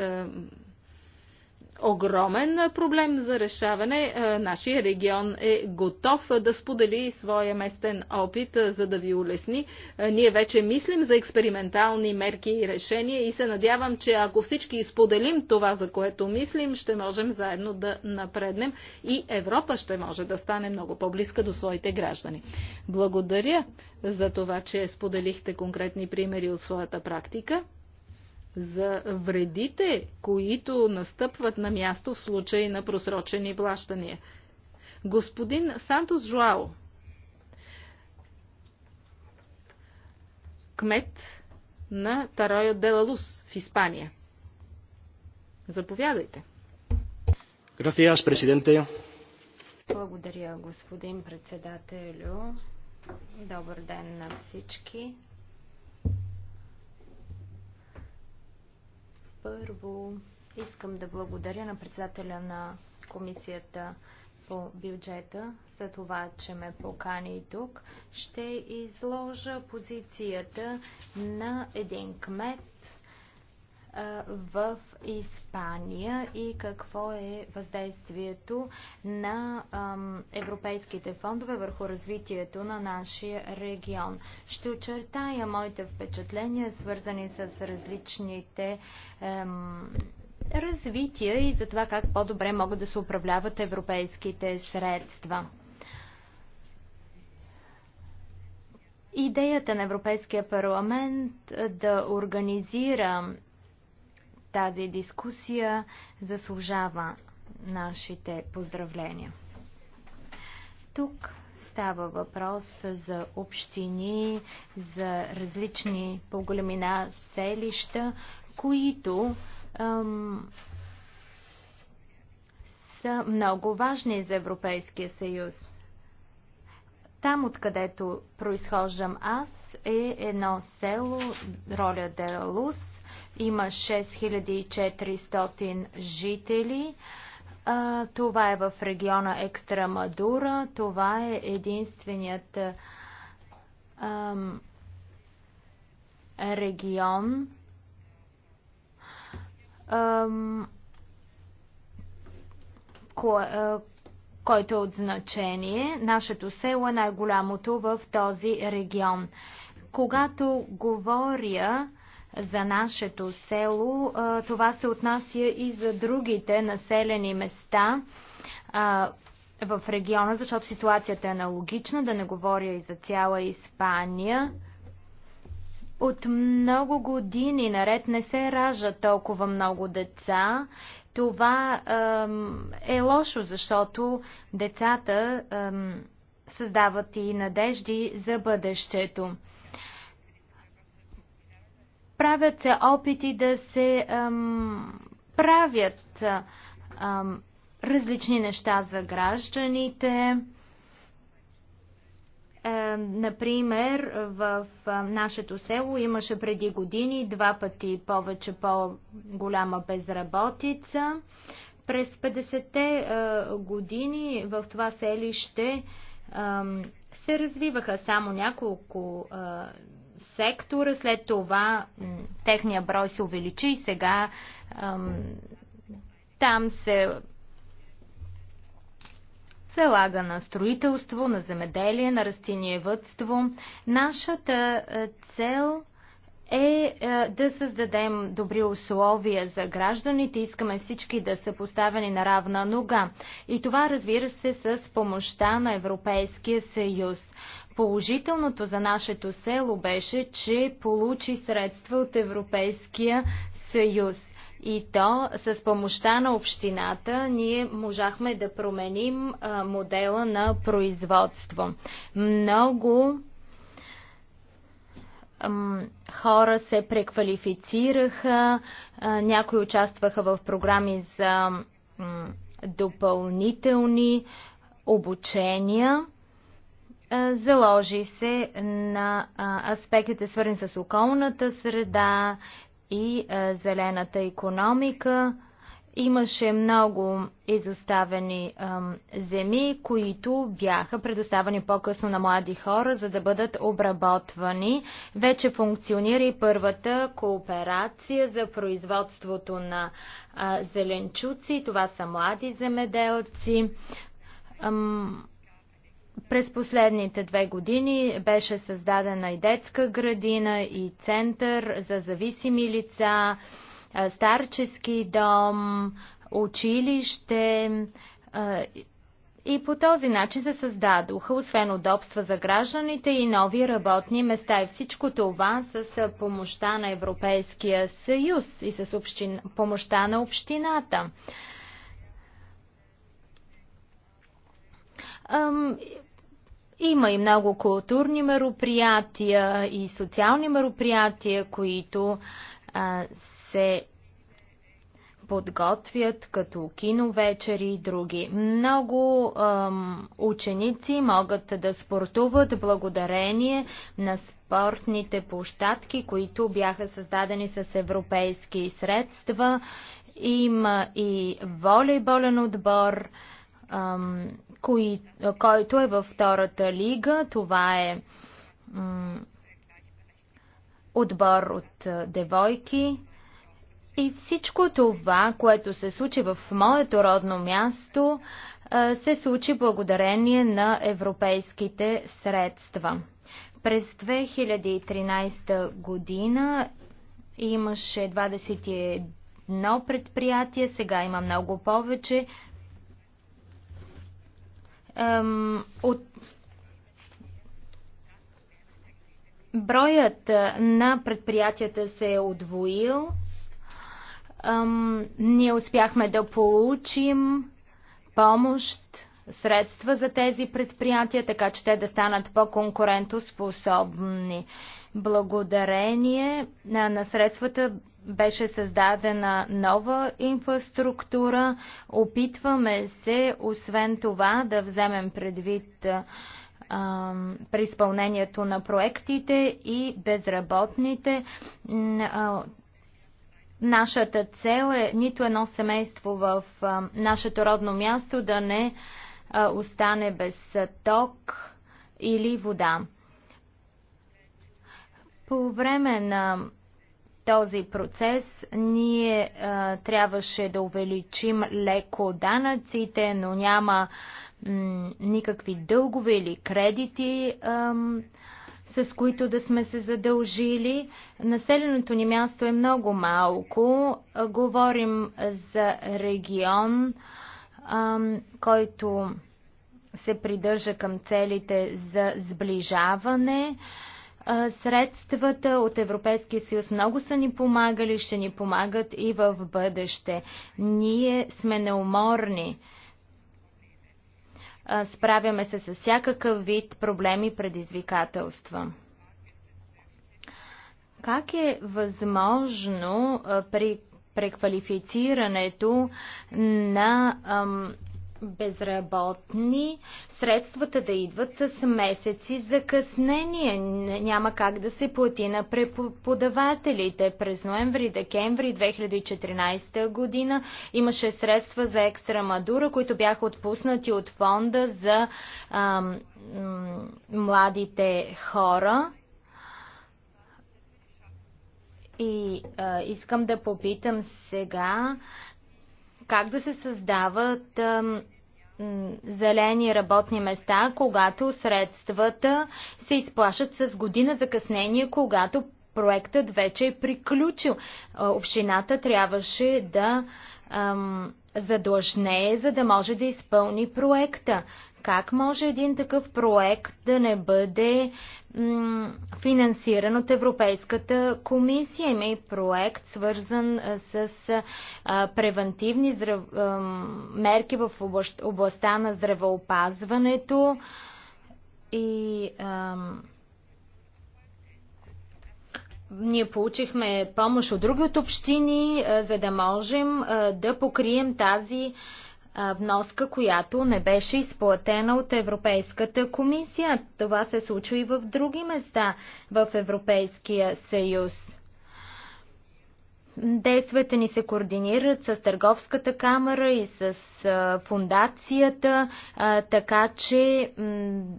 огромен проблем за решаване. Е, нашия регион е готов да сподели своя местен опит, е, за да ви улесни. Е, ние вече мислим за експериментални мерки и решения и се надявам, че ако всички споделим това, за което мислим, ще можем заедно да напреднем и Европа ще може да стане много по-близка до своите граждани. Благодаря за това, че споделихте конкретни примери от своята практика за вредите, които настъпват на място в случай на просрочени плащания. Господин Сантос Жуао, кмет на Тароя Делалус в Испания. Заповядайте. Gracias, Благодаря, господин председателю. Добър ден на всички. Първо искам да благодаря на председателя на комисията по бюджета за това, че ме покани и тук. Ще изложа позицията на един кмет в Испания и какво е въздействието на европейските фондове върху развитието на нашия регион. Ще очертая моите впечатления, свързани с различните развития и за това как по-добре могат да се управляват европейските средства. Идеята на Европейския парламент да организира тази дискусия заслужава нашите поздравления. Тук става въпрос за общини, за различни по големина селища, които ам, са много важни за Европейския съюз. Там, откъдето произхождам аз, е едно село Роля Лус има 6400 жители. Това е в региона Екстрамадура. Това е единственият регион. който е от значение. Нашето село е най-голямото в този регион. Когато говоря за нашето село. Това се отнася и за другите населени места в региона, защото ситуацията е аналогична, да не говоря и за цяла Испания. От много години наред не се ражда толкова много деца. Това е, е лошо, защото децата създават и надежди за бъдещето. Правят се опити да се ам, правят ам, различни неща за гражданите. Например, в нашето село имаше преди години два пъти повече по-голяма безработица. През 50-те години в това селище се развиваха само няколко сектор. След това техния брой се увеличи и сега там се залага на строителство, на земеделие, на растениевътство. Нашата е, цел е, е да създадем добри условия за гражданите. Искаме всички да са поставени на равна нога. И това разбира се с помощта на Европейския съюз. Положителното за нашето село беше, че получи средства от Европейския съюз. И то с помощта на общината ние можахме да променим а, модела на производство. Много ам, хора се преквалифицираха, а, някои участваха в програми за ам, допълнителни обучения. Заложи се на аспектите свързани с околната среда и зелената економика. Имаше много изоставени земи, които бяха предоставени по-късно на млади хора, за да бъдат обработвани. Вече функционира и първата кооперация за производството на зеленчуци. Това са млади земеделци през последните две години беше създадена и детска градина, и център за зависими лица, старчески дом, училище. И по този начин се създадоха, освен удобства за гражданите, и нови работни места. И всичко това с помощта на Европейския съюз и с общин... помощта на общината. Има и много културни мероприятия и социални мероприятия, които а, се подготвят като киновечери и други. Много ам, ученици могат да спортуват благодарение на спортните площадки, които бяха създадени с европейски средства. Има и волейболен отбор. Ам, кои, който е във втората лига. Това е отбор от девойки. И всичко това, което се случи в моето родно място, се случи благодарение на европейските средства. През 2013 година имаше 21 предприятие, сега има много повече, от Броят на предприятията се е удвоил. ние успяхме да получим помощ, средства за тези предприятия, така че те да станат по-конкурентоспособни. Благодарение на средствата беше създадена нова инфраструктура. Опитваме се, освен това, да вземем предвид при изпълнението на проектите и безработните. нашата цел е нито едно семейство в нашето родно място да не остане без ток или вода. По време на този процес ние а, е, трябваше да увеличим леко данъците, но няма м, никакви дългове или кредити, а, с които да сме се задължили. Населеното ни място е много малко. А, говорим за регион, а, който се придържа към целите за сближаване. А, Средствата от Европейския съюз много са ни помагали, ще ни помагат и в бъдеще. Ние сме неуморни. Справяме се с всякакъв вид проблеми, предизвикателства. Как е възможно при преквалифицирането на ам, безработни, средствата да идват с месеци закъснение. Няма как да се плати на преподавателите. През ноември декември 2014 година имаше средства за екстра мадура, които бяха отпуснати от фонда за ам, младите хора. И а, искам да попитам сега, а, как да се създават зелени работни места, когато средствата се изплашат с година закъснение, когато проектът вече е приключил. Общината трябваше да задлъжне е, за да може да изпълни проекта. Как може един такъв проект да не бъде финансиран от Европейската комисия? Има и проект, свързан с а, превентивни здрав... а, мерки в област... областта на здравеопазването и. А, ние получихме помощ от други от общини, за да можем да покрием тази вноска, която не беше изплатена от Европейската комисия. Това се случва и в други места в Европейския съюз. Действията ни се координират с Търговската камера и с фундацията, така че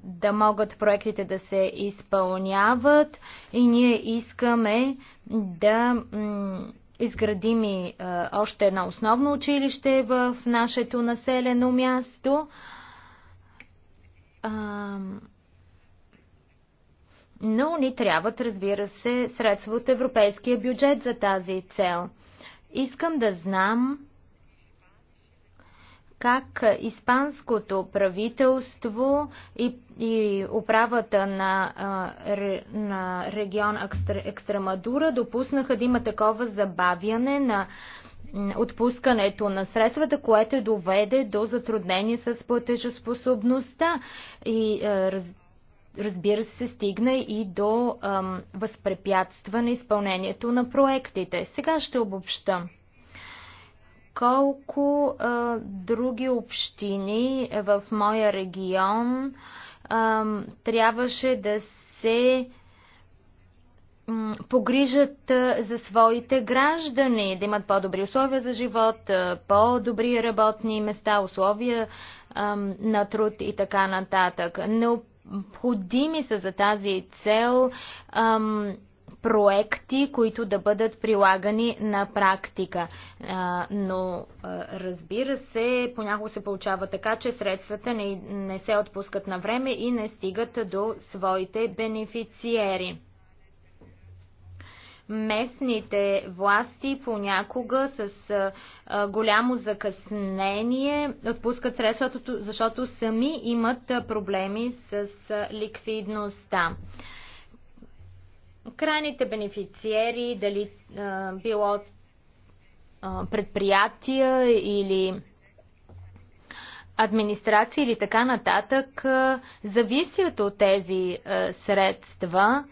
да могат проектите да се изпълняват и ние искаме да изградим и още едно основно училище в нашето населено място но ни трябват, разбира се, средства от европейския бюджет за тази цел. Искам да знам как испанското правителство и, и управата на, на регион Екстремадура допуснаха да има такова забавяне на отпускането на средствата, което доведе до затруднение с платежоспособността. И раз, Разбира се, стигна и до ам, възпрепятстване изпълнението на проектите. Сега ще обобща. Колко а, други общини в моя регион ам, трябваше да се погрижат за своите граждани, да имат по-добри условия за живот, по-добри работни места, условия ам, на труд и така нататък. Но Необходими са за тази цел ам, проекти, които да бъдат прилагани на практика. А, но а, разбира се, понякога се получава така, че средствата не, не се отпускат на време и не стигат до своите бенефициери местните власти понякога с голямо закъснение отпускат средства, защото сами имат проблеми с ликвидността крайните бенефициери, дали а, било а, предприятия или администрация или така нататък, а, зависят от тези а, средства.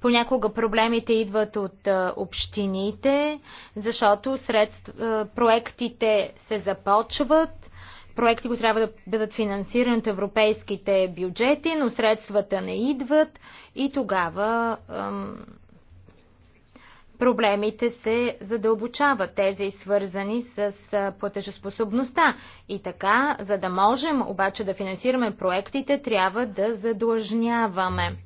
Понякога проблемите идват от общините, защото средств, проектите се започват, проекти, които трябва да бъдат финансирани от европейските бюджети, но средствата не идват и тогава ам, проблемите се задълбочават, тези свързани с платежеспособността. И така, за да можем обаче да финансираме проектите, трябва да задлъжняваме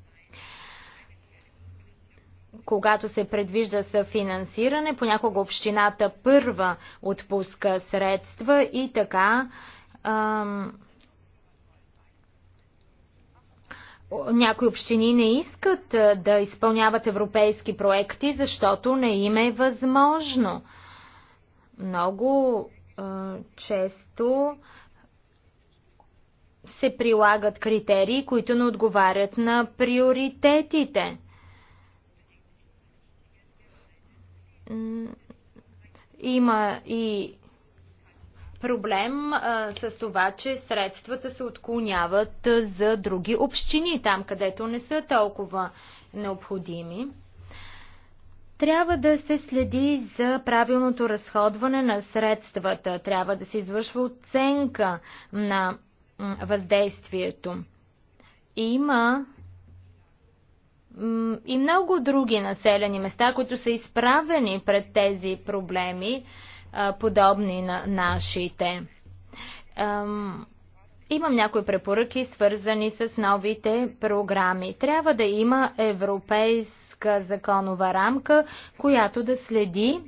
когато се предвижда съфинансиране, понякога общината първа отпуска средства и така ам, някои общини не искат да изпълняват европейски проекти, защото не им е възможно. Много а, често се прилагат критерии, които не отговарят на приоритетите. Има и проблем а, с това, че средствата се отклоняват за други общини, там където не са толкова необходими. Трябва да се следи за правилното разходване на средствата. Трябва да се извършва оценка на въздействието. Има и много други населени места, които са изправени пред тези проблеми, подобни на нашите. Имам някои препоръки, свързани с новите програми. Трябва да има европейска законова рамка, която да следи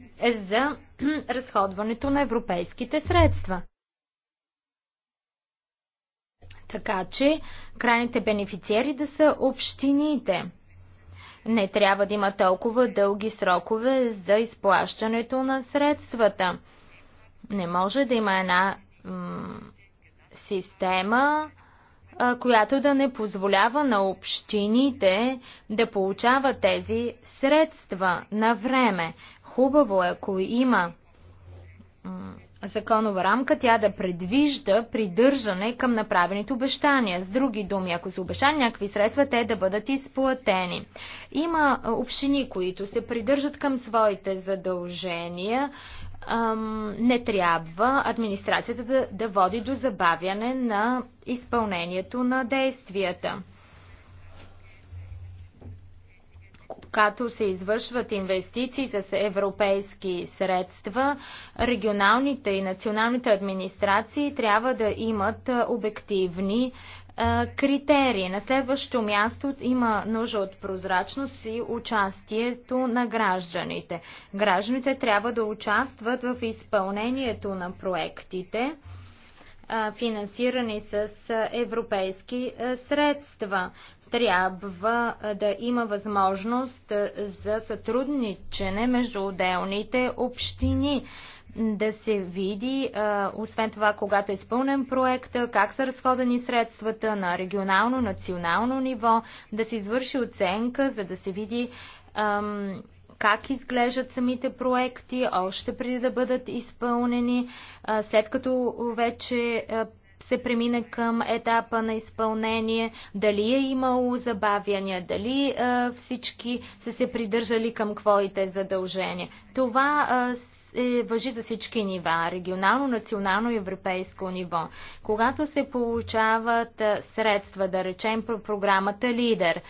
за разходването на европейските средства. Така че крайните бенефициери да са общините. Не трябва да има толкова дълги срокове за изплащането на средствата. Не може да има една система, която да не позволява на общините да получават тези средства на време. Хубаво е, ако има законова рамка, тя да предвижда придържане към направените обещания. С други думи, ако са обещани някакви средства, те да бъдат изплатени. Има общини, които се придържат към своите задължения. Не трябва администрацията да, да води до забавяне на изпълнението на действията. като се извършват инвестиции с европейски средства, регионалните и националните администрации трябва да имат обективни критерии. На следващо място има нужда от прозрачност и участието на гражданите. Гражданите трябва да участват в изпълнението на проектите, финансирани с европейски средства трябва да има възможност за сътрудничене между отделните общини. Да се види, освен това, когато е изпълнен проект, как са разходени средствата на регионално, национално ниво, да се извърши оценка, за да се види как изглеждат самите проекти, още преди да бъдат изпълнени, след като вече се премина към етапа на изпълнение, дали е имало забавяния, дали а, всички са се придържали към квоите задължения. Това а, е, въжи за всички нива регионално, национално и европейско ниво. Когато се получават средства, да речем по програмата Лидер,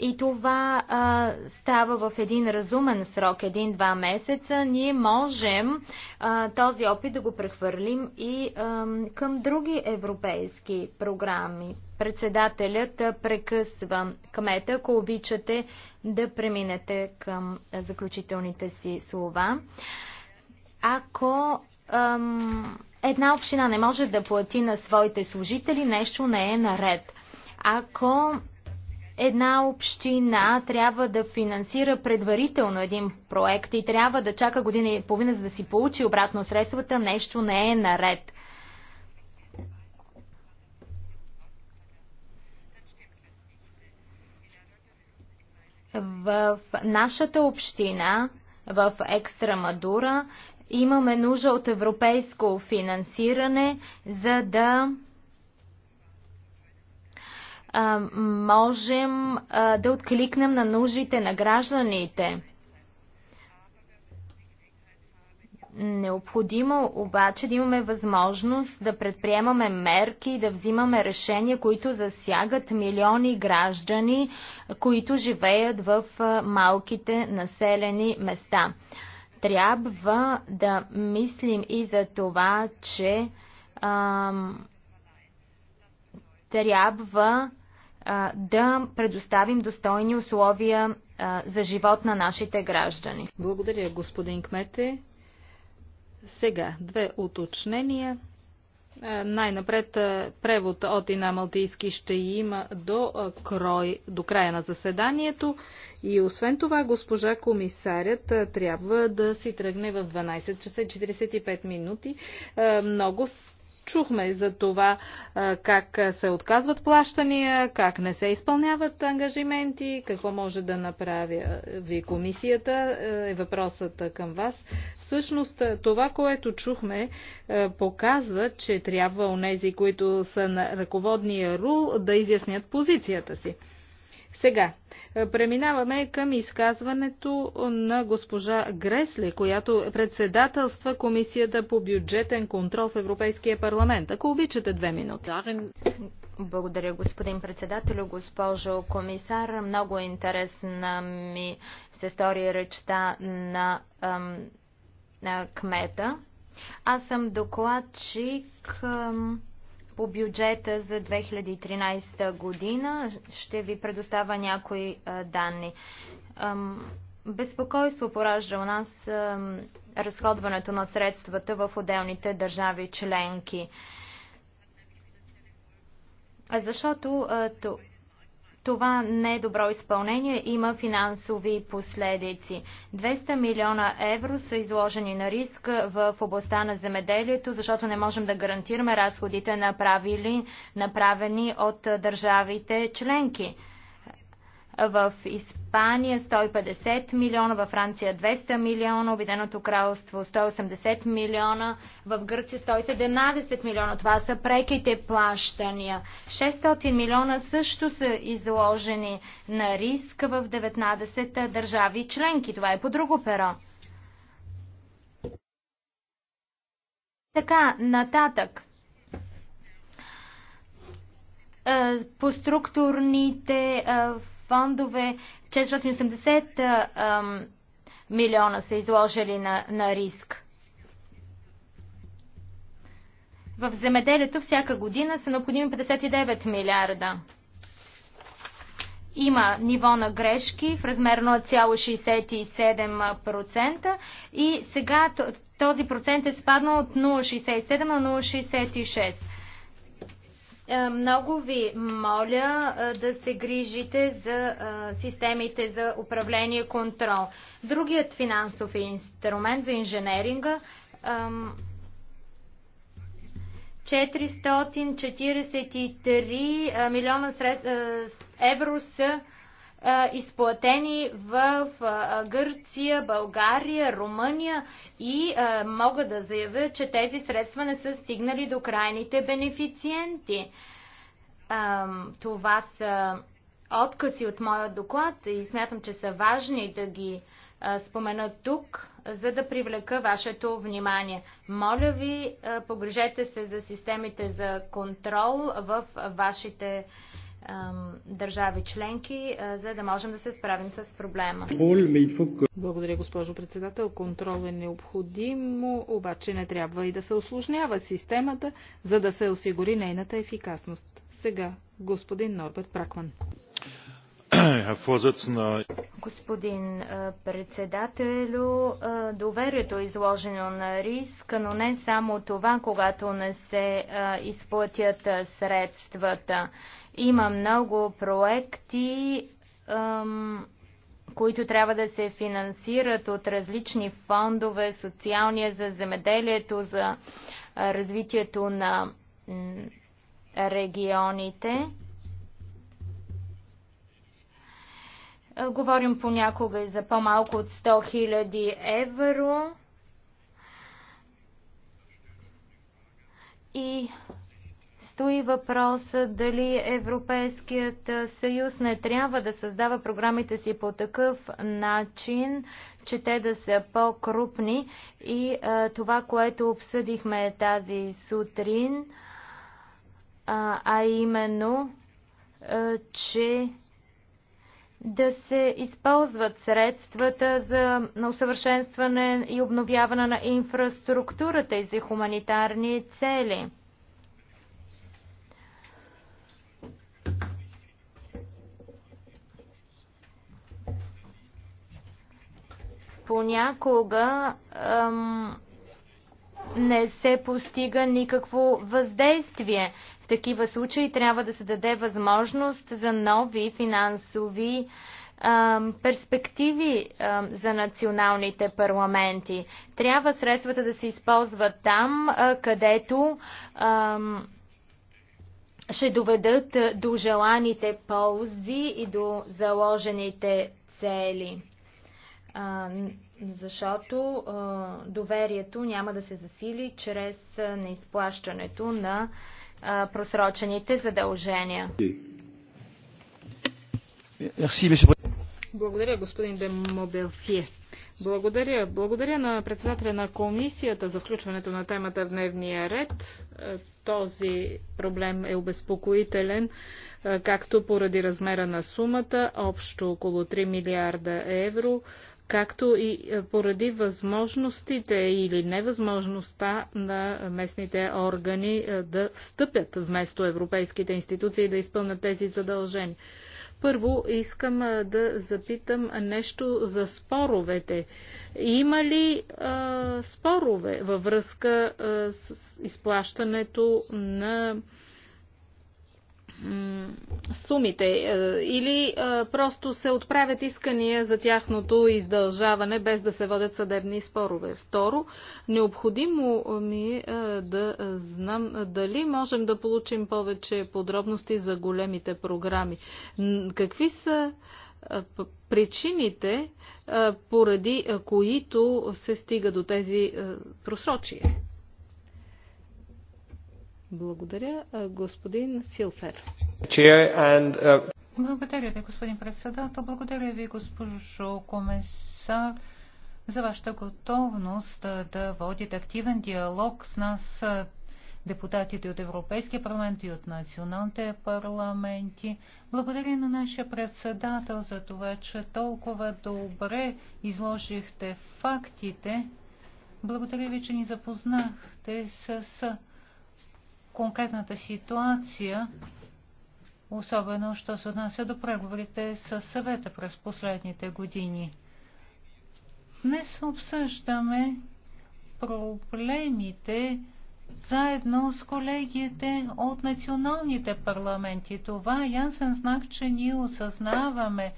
и това а, става в един разумен срок, един-два месеца. Ние можем а, този опит да го прехвърлим и а, към други европейски програми. Председателят прекъсва кмета, ако обичате да преминете към заключителните си слова. Ако ам, една община не може да плати на своите служители, нещо не е наред. Ако една община трябва да финансира предварително един проект и трябва да чака година и половина, за да си получи обратно средствата, нещо не е наред. В нашата община, в Екстрамадура, имаме нужда от европейско финансиране, за да можем да откликнем на нуждите на гражданите. Необходимо обаче да имаме възможност да предприемаме мерки и да взимаме решения, които засягат милиони граждани, които живеят в малките населени места. Трябва да мислим и за това, че ам, трябва да предоставим достойни условия за живот на нашите граждани. Благодаря, господин Кмете. Сега две уточнения. Най-напред превод от и на малтийски ще има до, крой, до края на заседанието. И освен това, госпожа комисарят трябва да си тръгне в 12 часа 45 минути. Много Чухме за това как се отказват плащания, как не се изпълняват ангажименти, какво може да направя ви комисията, е въпросът към вас. Всъщност това, което чухме, е, показва, че трябва у нези, които са на ръководния рул, да изяснят позицията си. Сега, е, преминаваме към изказването на госпожа Гресли, която председателства Комисията по бюджетен контрол в Европейския парламент. Ако обичате две минути. Благодаря, господин председател, госпожо комисар. Много интересна ми се стори речта на, ам, на кмета. Аз съм докладчик. Ам, по бюджета за 2013 година ще ви предоставя някои данни. Безпокойство поражда у нас разходването на средствата в отделните държави членки. Защото това недобро изпълнение има финансови последици. 200 милиона евро са изложени на риск в областта на земеделието, защото не можем да гарантираме разходите направили, направени от държавите членки в Испания 150 милиона, във Франция 200 милиона, Обединеното кралство 180 милиона, в Гърция 117 милиона. Това са преките плащания. 600 милиона също са изложени на риск в 19 държави членки. Това е по друго перо. Така, нататък е, по структурните е, фондове, 480 милиона са изложили на, на риск. В земеделието всяка година са необходими 59 милиарда. Има ниво на грешки в размер 0,67% и сега този процент е спаднал от 0,67 на 0,66%. Е, много ви моля е, да се грижите за е, системите за управление и контрол. Другият финансов инструмент за инженеринга 443 милиона евро са изплатени в Гърция, България, Румъния и мога да заявя, че тези средства не са стигнали до крайните бенефициенти. Това са откази от моя доклад и смятам, че са важни да ги спомена тук, за да привлека вашето внимание. Моля ви, погрежете се за системите за контрол в вашите държави членки, за да можем да се справим с проблема. Благодаря, госпожо председател. Контрол е необходимо, обаче не трябва и да се осложнява системата, за да се осигури нейната ефикасност. Сега, господин Норберт Пракман. Господин председателю, доверието е изложено на риск, но не само това, когато не се изплатят средствата. Има много проекти, които трябва да се финансират от различни фондове, социалния за земеделието, за развитието на регионите. Говорим понякога и за по-малко от 100 000 евро. И стои въпроса дали Европейският съюз не трябва да създава програмите си по такъв начин, че те да са по-крупни и а, това, което обсъдихме тази сутрин, а, а именно, а, че да се използват средствата за усъвършенстване и обновяване на инфраструктурата и за хуманитарни цели. понякога ам, не се постига никакво въздействие. В такива случаи трябва да се даде възможност за нови финансови перспективи за националните парламенти. Трябва средствата да се използват там, където ще доведат до желаните ползи и до заложените цели защото доверието няма да се засили чрез неизплащането на просрочените задължения. Благодаря, господин Демобелфие. Благодаря. Благодаря на председателя на комисията за включването на темата в дневния ред. Е, този проблем е обезпокоителен, е, както поради размера на сумата, общо около 3 милиарда евро, както и е, поради възможностите или невъзможността на местните органи е, да встъпят вместо европейските институции да изпълнят тези задължения. Първо искам е, да запитам нещо за споровете. Има ли а, спорове във връзка а, с изплащането на а, сумите е, или е, просто се отправят искания за тяхното издължаване без да се водят съдебни спорове. Второ, необходимо ми е, е да знам дали можем да получим повече подробности за големите програми. Какви са причините, поради които се стига до тези просрочия? Благодаря, господин Силфер. Uh, Благодаря ви, господин председател. Благодаря ви, госпожо комисар, за вашата готовност да водите активен диалог с нас, депутатите от Европейския парламент и от националните парламенти. Благодаря на нашия председател за това, че толкова добре изложихте фактите. Благодаря ви, че ни запознахте с конкретната ситуация, особено що се отнася до преговорите с съвета през последните години. Днес обсъждаме проблемите заедно с колегите от националните парламенти. Това е ясен знак, че ние осъзнаваме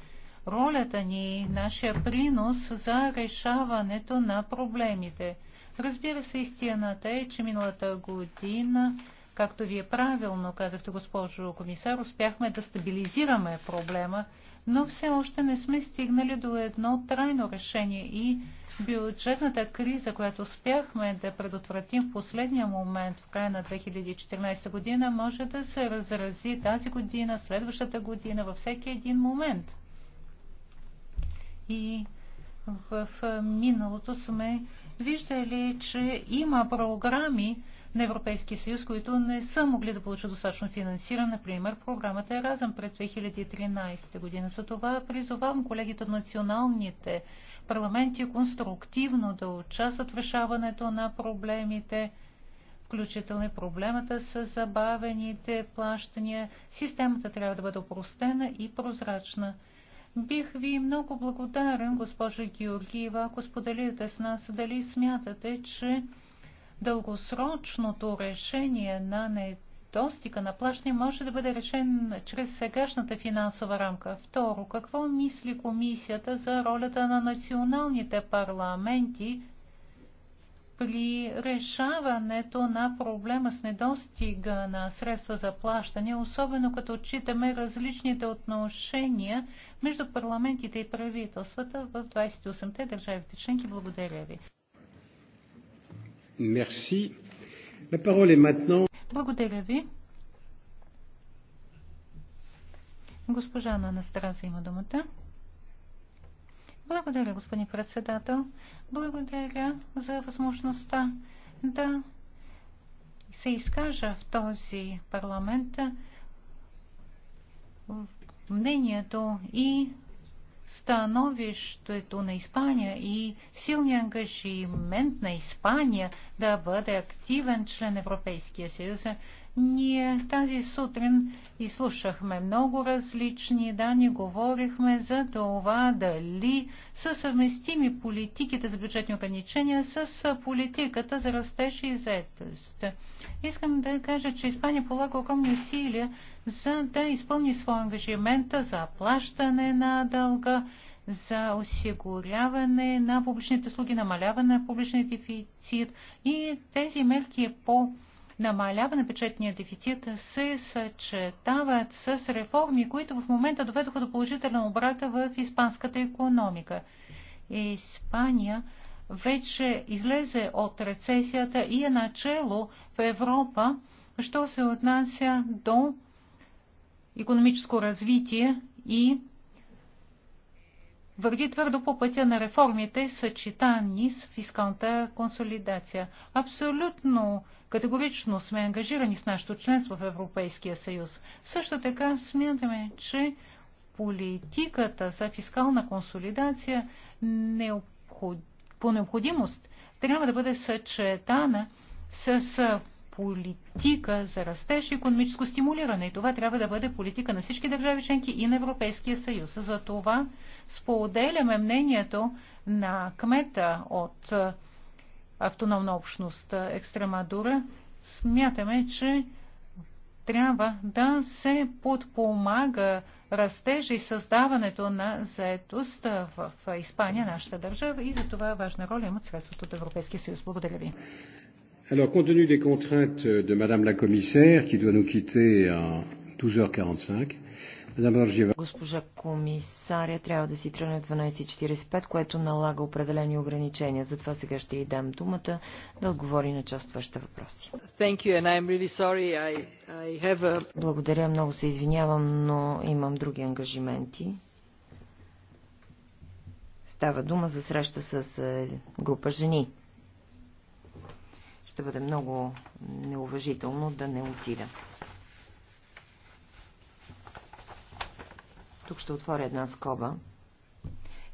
ролята ни и нашия принос за решаването на проблемите. Разбира се, истината е, че миналата година Както вие правилно казахте, госпожо комисар, успяхме да стабилизираме проблема, но все още не сме стигнали до едно трайно решение и бюджетната криза, която успяхме да предотвратим в последния момент, в края на 2014 година, може да се разрази тази година, следващата година, във всеки един момент. И в миналото сме виждали, че има програми, на Европейския съюз, които не са могли да получат достатъчно финансиране, например програмата Еразъм през 2013 година. За това призовавам колегите от националните парламенти конструктивно да участват в решаването на проблемите, включително и проблемата с забавените плащания. Системата трябва да бъде опростена и прозрачна. Бих ви много благодарен, госпожа Георгиева, ако споделите с нас дали смятате, че дългосрочното решение на недостига на плащане може да бъде решен чрез сегашната финансова рамка. Второ, какво мисли комисията за ролята на националните парламенти при решаването на проблема с недостига на средства за плащане, особено като отчитаме различните отношения между парламентите и правителствата в 28-те държавите членки. Благодаря ви. Merci. La parole est maintenant. Благодаря ви. Госпожа Анастаса има думата. Благодаря, господин председател. Благодаря за възможността да се изкажа в този парламент мнението и становището на Испания и силния ангажимент на Испания да бъде активен член Европейския съюз ние тази сутрин изслушахме много различни данни, говорихме за това дали са съвместими политиките за бюджетни ограничения с политиката за растеж и заедост. Искам да кажа, че Испания полага огромни усилия за да изпълни своя ангажимент за плащане на дълга, за осигуряване на публичните услуги, намаляване на публичния дефицит и тези мерки по намаляване на бюджетния дефицит се съчетават с реформи, които в момента доведоха до положителна обрата в испанската економика. Испания вече излезе от рецесията и е начало в Европа, що се отнася до економическо развитие и върви твърдо по пътя на реформите, съчетани с фискалната консолидация. Абсолютно Категорично сме ангажирани с нашето членство в Европейския съюз. Също така смятаме, че политиката за фискална консолидация по необходимост трябва да бъде съчетана с политика за растеж и економическо стимулиране. И това трябва да бъде политика на всички държави членки и на Европейския съюз. За това споделяме мнението на кмета от автономна общност Екстремадура, смятаме, че трябва да се подпомага растежа и създаването на заедост в Испания, нашата държава, и за това важна роля имат средствата от Европейския съюз. Благодаря ви. Alors, compte tenu des contraintes de Madame la Commissaire, qui doit nous quitter à 12h45, Госпожа комисаря трябва да си тръгне в 12.45, което налага определени ограничения. Затова сега ще й дам думата да отговори на част от вашите въпроси. Really I, I a... Благодаря, много се извинявам, но имам други ангажименти. Става дума за среща с е, група жени. Ще бъде много неуважително да не отида. Тук ще отворя една скоба.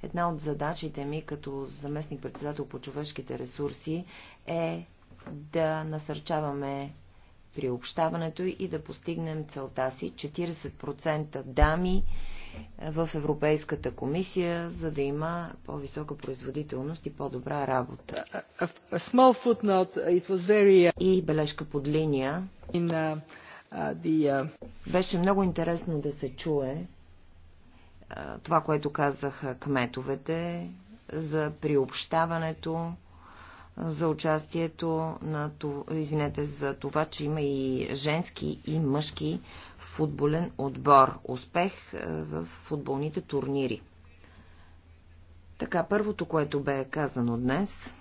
Една от задачите ми като заместник-председател по човешките ресурси е да насърчаваме приобщаването и да постигнем целта си 40% дами в Европейската комисия, за да има по-висока производителност и по-добра работа. A, a footnote, very... Uh, и бележка под линия. In, uh, uh, the, uh... Беше много интересно да се чуе, това, което казаха кметовете, за приобщаването, за участието на, извинете, за това, че има и женски и мъжки футболен отбор. Успех в футболните турнири. Така, първото, което бе казано днес,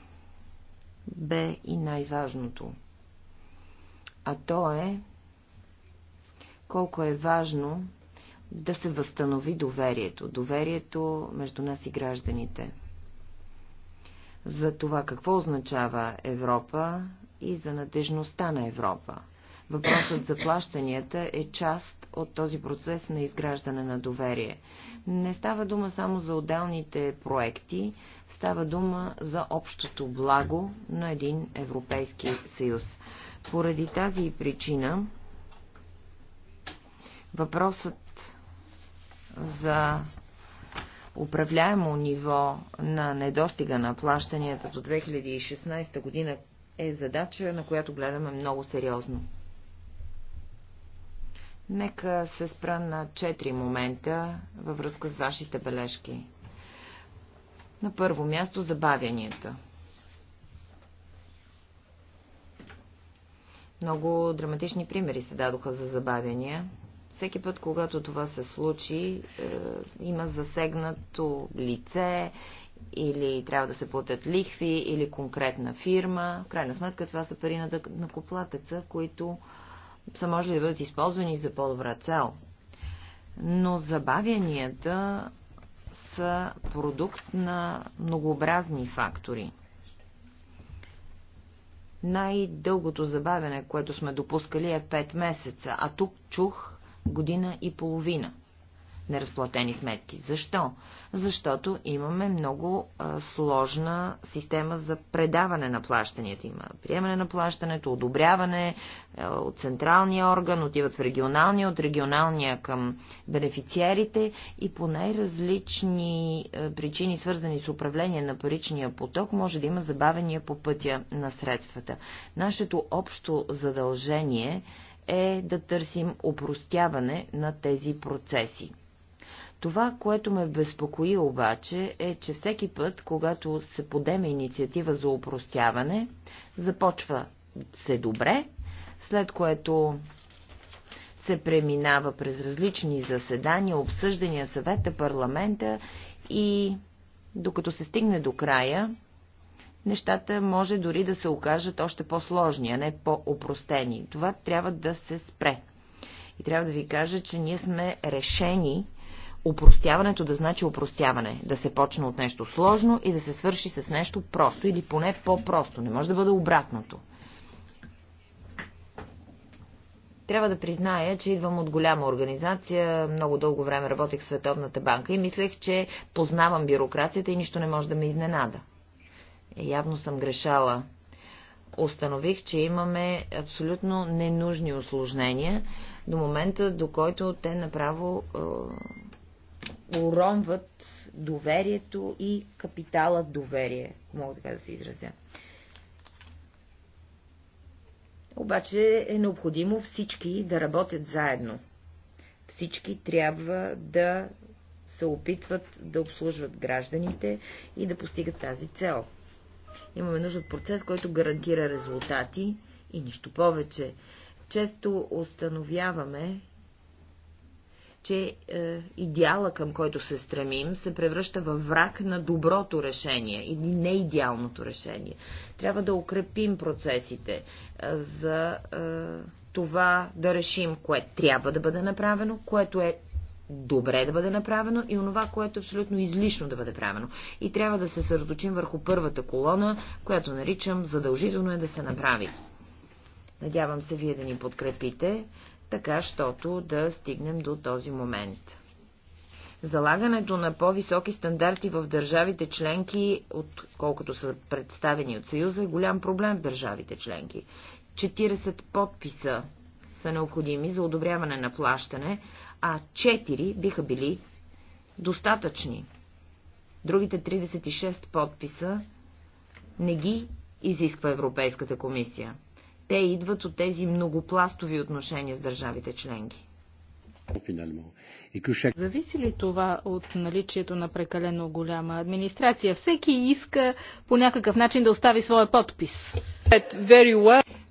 бе и най-важното. А то е колко е важно да се възстанови доверието. Доверието между нас и гражданите. За това какво означава Европа и за надежността на Европа. Въпросът за плащанията е част от този процес на изграждане на доверие. Не става дума само за отделните проекти, става дума за общото благо на един Европейски съюз. Поради тази причина въпросът за управляемо ниво на недостига на плащанията до 2016 година е задача, на която гледаме много сериозно. Нека се спра на четири момента във връзка с вашите бележки. На първо място забавянията. Много драматични примери се дадоха за забавяния. Всеки път, когато това се случи, е, има засегнато лице или трябва да се платят лихви или конкретна фирма. В крайна сметка това са пари на накоплатеца, които са може да бъдат използвани за по-добра цел. Но забавянията са продукт на многообразни фактори. Най-дългото забавяне, което сме допускали е 5 месеца, а тук чух година и половина неразплатени сметки. Защо? Защото имаме много а, сложна система за предаване на плащанията. Има приемане на плащането, одобряване а, от централния орган, отиват в регионалния, от регионалния към бенефициерите и по най-различни причини, свързани с управление на паричния поток, може да има забавения по пътя на средствата. Нашето общо задължение е е да търсим опростяване на тези процеси. Това, което ме безпокои обаче, е, че всеки път, когато се подеме инициатива за опростяване, започва се добре, след което се преминава през различни заседания, обсъждания, съвета, парламента и докато се стигне до края, нещата може дори да се окажат още по-сложни, а не по-опростени. Това трябва да се спре. И трябва да ви кажа, че ние сме решени опростяването да значи опростяване. Да се почне от нещо сложно и да се свърши с нещо просто или поне по-просто. Не може да бъде обратното. Трябва да призная, че идвам от голяма организация. Много дълго време работех в Световната банка и мислех, че познавам бюрокрацията и нищо не може да ме изненада. Явно съм грешала. Установих, че имаме абсолютно ненужни осложнения до момента, до който те направо е, уронват доверието и капитала доверие, ако мога така да се изразя. Обаче е необходимо всички да работят заедно. Всички трябва да се опитват да обслужват гражданите и да постигат тази цел. Имаме нужда от процес, който гарантира резултати и нищо повече. Често установяваме, че е, идеала, към който се стремим, се превръща в враг на доброто решение или неидеалното решение. Трябва да укрепим процесите е, за е, това да решим, кое трябва да бъде направено, което е добре да бъде направено и онова, което е абсолютно излишно да бъде правено. И трябва да се съсредоточим върху първата колона, която наричам задължително е да се направи. Надявам се вие да ни подкрепите, така, щото да стигнем до този момент. Залагането на по-високи стандарти в държавите членки, отколкото са представени от Съюза, е голям проблем в държавите членки. 40 подписа са необходими за одобряване на плащане, а 4 биха били достатъчни. Другите 36 подписа не ги изисква Европейската комисия. Те идват от тези многопластови отношения с държавите членки. Зависи ли това от наличието на прекалено голяма администрация? Всеки иска по някакъв начин да остави своя подпис.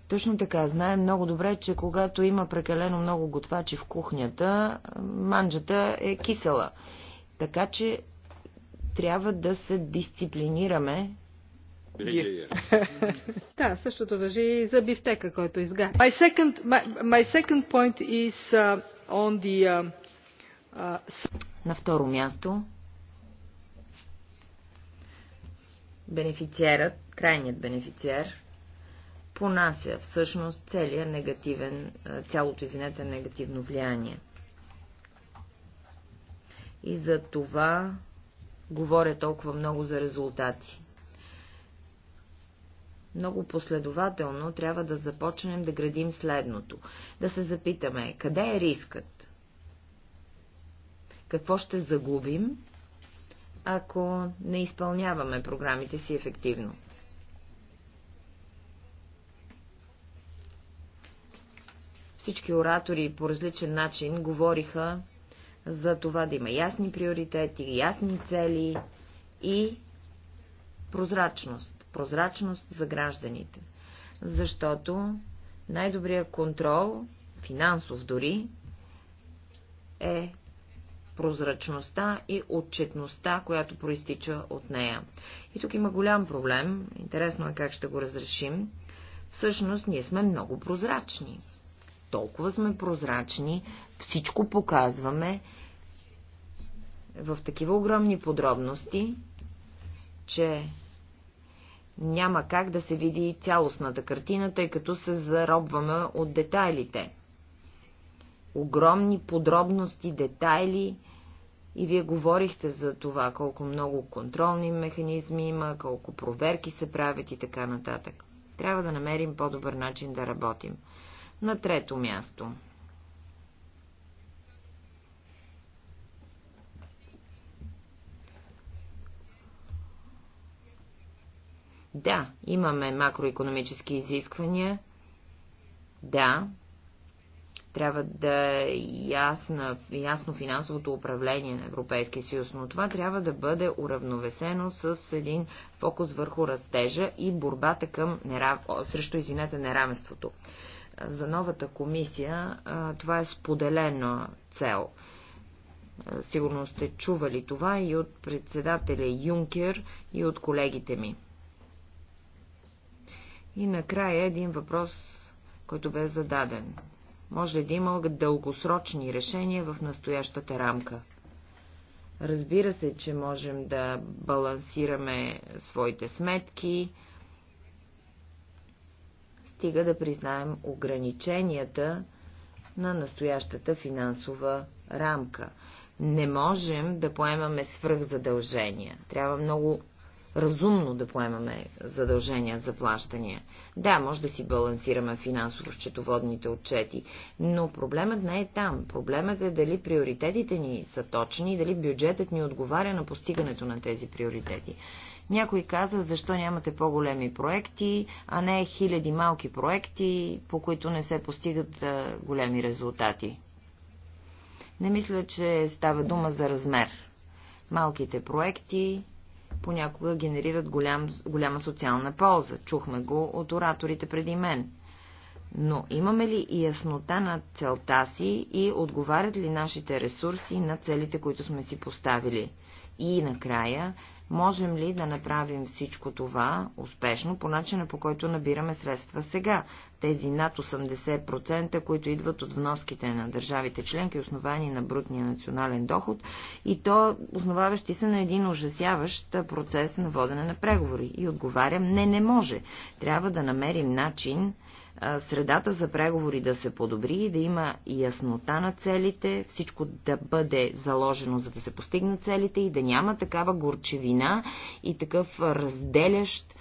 Точно така. Знаем много добре, че когато има прекалено много готвачи в кухнята, манджата е кисела. Така че трябва да се дисциплинираме. да, същото въжи и за бифтека, който изгаря. My second, my, my second point is uh, on the... Uh, uh... На второ място бенефициерът, крайният бенефициер, понася всъщност целият негативен, цялото, извинете, негативно влияние. И за това говоря толкова много за резултати. Много последователно трябва да започнем да градим следното. Да се запитаме, къде е рискът? Какво ще загубим, ако не изпълняваме програмите си ефективно? Всички оратори по различен начин говориха за това да има ясни приоритети, ясни цели и прозрачност. Прозрачност за гражданите. Защото най-добрият контрол, финансов дори, е прозрачността и отчетността, която проистича от нея. И тук има голям проблем. Интересно е как ще го разрешим. Всъщност ние сме много прозрачни толкова сме прозрачни, всичко показваме в такива огромни подробности, че няма как да се види цялостната картина, тъй като се заробваме от детайлите. Огромни подробности, детайли, и вие говорихте за това, колко много контролни механизми има, колко проверки се правят и така нататък. Трябва да намерим по-добър начин да работим. На трето място. Да, имаме макроекономически изисквания. Да, трябва да е ясна, ясно финансовото управление на Европейския съюз, но това трябва да бъде уравновесено с един фокус върху растежа и борбата към нерав... срещу извинете, неравенството за новата комисия това е споделена цел. Сигурно сте чували това и от председателя Юнкер и от колегите ми. И накрая един въпрос, който бе зададен. Може ли да има дългосрочни решения в настоящата рамка? Разбира се, че можем да балансираме своите сметки, стига да признаем ограниченията на настоящата финансова рамка. Не можем да поемаме свръхзадължения. Трябва много разумно да поемаме задължения за плащания. Да, може да си балансираме финансово счетоводните отчети, но проблемът не е там. Проблемът е дали приоритетите ни са точни и дали бюджетът ни отговаря на постигането на тези приоритети. Някой каза, защо нямате по-големи проекти, а не хиляди малки проекти, по които не се постигат големи резултати. Не мисля, че става дума за размер. Малките проекти понякога генерират голям, голяма социална полза. Чухме го от ораторите преди мен. Но имаме ли и яснота на целта си и отговарят ли нашите ресурси на целите, които сме си поставили? И накрая, Можем ли да направим всичко това успешно по начина по който набираме средства сега? Тези над 80%, които идват от вноските на държавите членки, основани на брутния национален доход и то основаващи се на един ужасяващ процес на водене на преговори. И отговарям, не, не може. Трябва да намерим начин средата за преговори да се подобри и да има яснота на целите, всичко да бъде заложено, за да се постигнат целите и да няма такава горчевина и такъв разделящ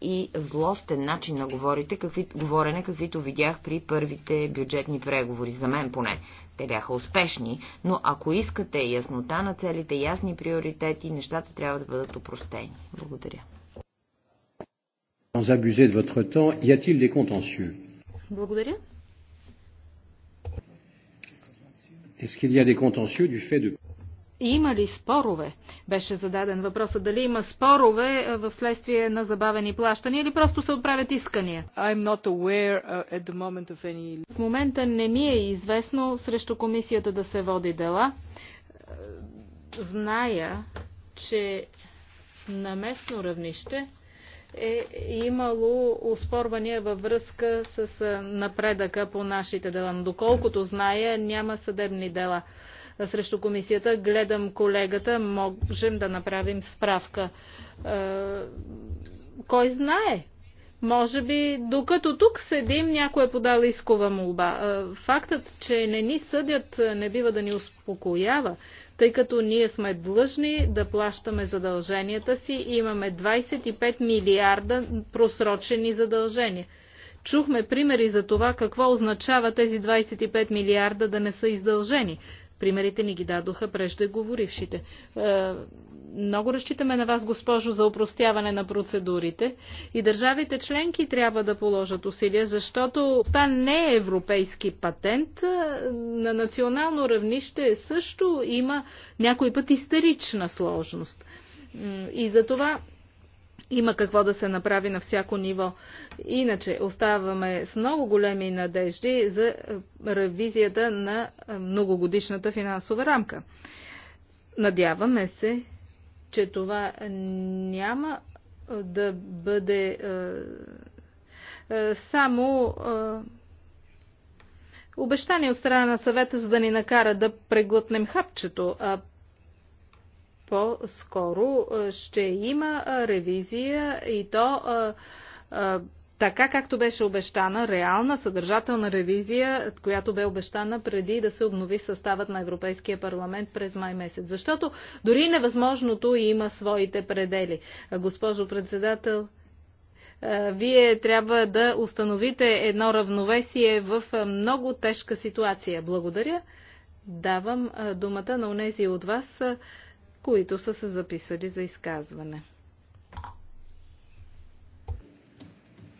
и злостен начин на говорите, какви, говорене, каквито видях при първите бюджетни преговори, за мен поне. Те бяха успешни, но ако искате яснота на целите, ясни приоритети, нещата трябва да бъдат опростени. Благодаря sans abuser de votre temps, y a-t-il des contentieux Благодаря. Est-ce qu'il y a des contentieux du fait de... Има ли спорове? Беше зададен въпросът дали има спорове е, в следствие на забавени плащания или просто се отправят искания. I'm not aware uh, at the moment of any... В момента не ми е известно срещу комисията да се води дела. Е, зная, че на местно равнище е имало успорвания във връзка с напредъка по нашите дела. Но доколкото зная, няма съдебни дела срещу комисията. Гледам колегата, можем да направим справка. Кой знае? Може би, докато тук седим, някой е подал искова молба. Фактът, че не ни съдят, не бива да ни успокоява тъй като ние сме длъжни да плащаме задълженията си и имаме 25 милиарда просрочени задължения. Чухме примери за това какво означава тези 25 милиарда да не са издължени. Примерите ни ги дадоха преждеговорившите. Е, много разчитаме на вас, госпожо, за упростяване на процедурите и държавите членки трябва да положат усилия, защото това не е европейски патент. Е, на национално равнище също има някой път истерична сложност. И за това има какво да се направи на всяко ниво. Иначе оставаме с много големи надежди за е, ревизията на е, многогодишната финансова рамка. Надяваме се, че това няма е, да бъде само обещание от страна на съвета, за да ни накара да преглътнем хапчето, а по-скоро ще има ревизия и то така както беше обещана, реална съдържателна ревизия, която бе обещана преди да се обнови съставът на Европейския парламент през май месец. Защото дори невъзможното има своите предели. Госпожо председател, вие трябва да установите едно равновесие в много тежка ситуация. Благодаря. Давам думата на унези от вас, които са се записали за изказване.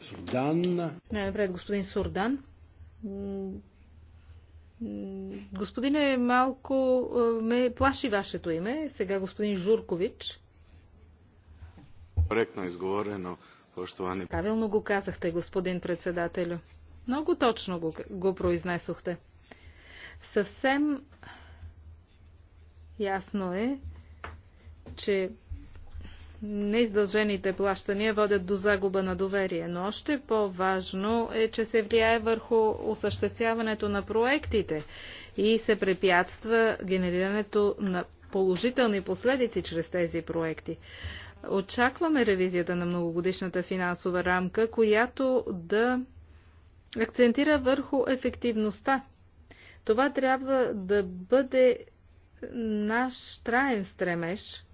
Сурдан. Най-напред господин Сурдан. Господине, малко е, ме плаши вашето име. Сега господин Журкович. Коректно изговорено, поштовани. Правилно го казахте, господин председателю. Много точно го, го произнесохте. Съвсем ясно е, че неиздължените плащания водят до загуба на доверие, но още по-важно е, че се влияе върху осъществяването на проектите и се препятства генерирането на положителни последици чрез тези проекти. Очакваме ревизията на многогодишната финансова рамка, която да акцентира върху ефективността. Това трябва да бъде наш траен стремеж –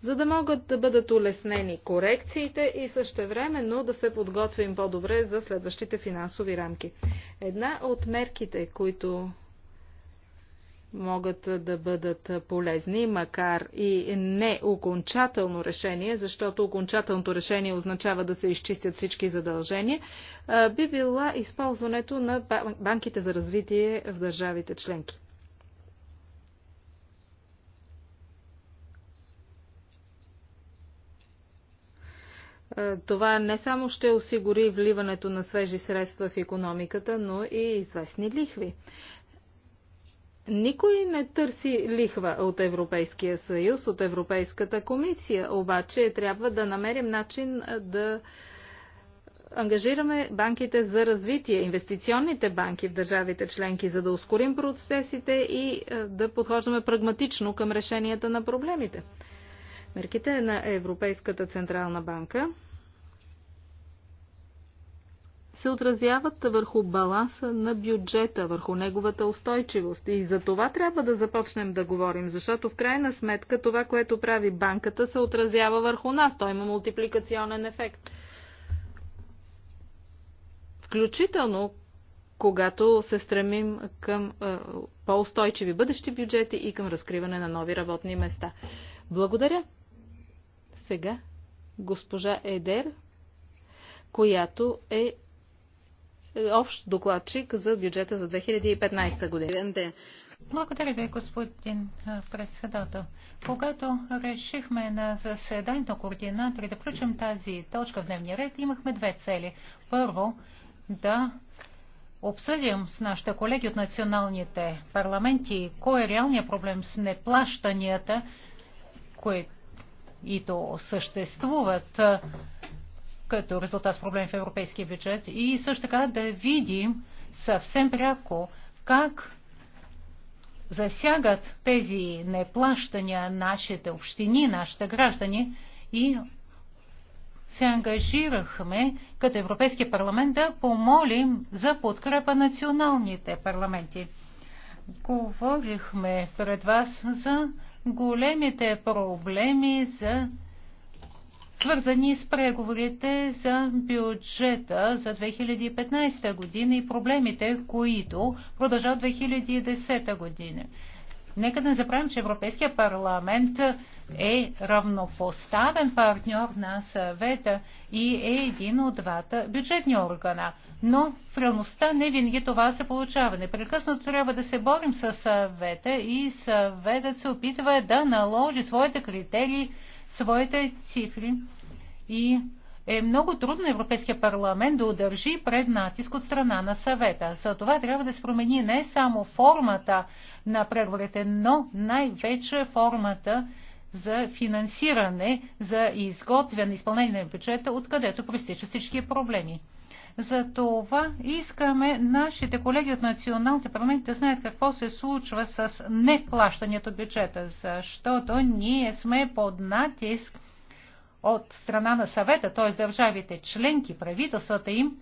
за да могат да бъдат улеснени корекциите и същевременно да се подготвим по-добре за следващите финансови рамки. Една от мерките, които могат да бъдат полезни, макар и не окончателно решение, защото окончателното решение означава да се изчистят всички задължения, би била използването на банките за развитие в държавите членки. Е, това не само ще осигури вливането на свежи средства в економиката, но и известни лихви. Никой не търси лихва от Европейския съюз, от Европейската комисия, обаче трябва да намерим начин е, да ангажираме банките за развитие, инвестиционните банки в държавите членки, за да ускорим процесите и е, да подхождаме прагматично към решенията на проблемите мерките на Европейската Централна банка се отразяват върху баланса на бюджета, върху неговата устойчивост. И за това трябва да започнем да говорим, защото в крайна сметка това, което прави банката, се отразява върху нас. Той има мултипликационен ефект. Включително, когато се стремим към е, по-устойчиви бъдещи бюджети и към разкриване на нови работни места. Благодаря! сега госпожа Едер, която е, е общ докладчик за бюджета за 2015 година. Благодаря ви, господин председател. Когато решихме на заседанието на координатори да включим тази точка в дневния ред, имахме две цели. Първо, да обсъдим с нашите колеги от националните парламенти кой е реалният проблем с неплащанията, които и то съществуват като резултат с проблем в европейския бюджет и също така да видим съвсем пряко как засягат тези неплащания нашите общини, нашите граждани и се ангажирахме като Европейски парламент да помолим за подкрепа националните парламенти. Говорихме пред вас за големите проблеми за свързани с преговорите за бюджета за 2015 година и проблемите, които продължават 2010 година. Нека да не забравим, че Европейския парламент е равнопоставен партньор на съвета и е един от двата бюджетни органа. Но в реалността не винаги това се получава. Непрекъснато трябва да се борим с съвета и съветът се опитва да наложи своите критерии, своите цифри и е много трудно Европейския парламент да удържи пред натиск от страна на съвета. За това трябва да се промени не само формата на преговорите, но най-вече формата за финансиране, за изготвяне, изпълнение на бюджета, откъдето проистичат всички проблеми. За това искаме нашите колеги от националните парламенти да знаят какво се случва с неплащането бюджета, защото ние сме под натиск от страна на съвета, т.е. държавите членки, правителствата им,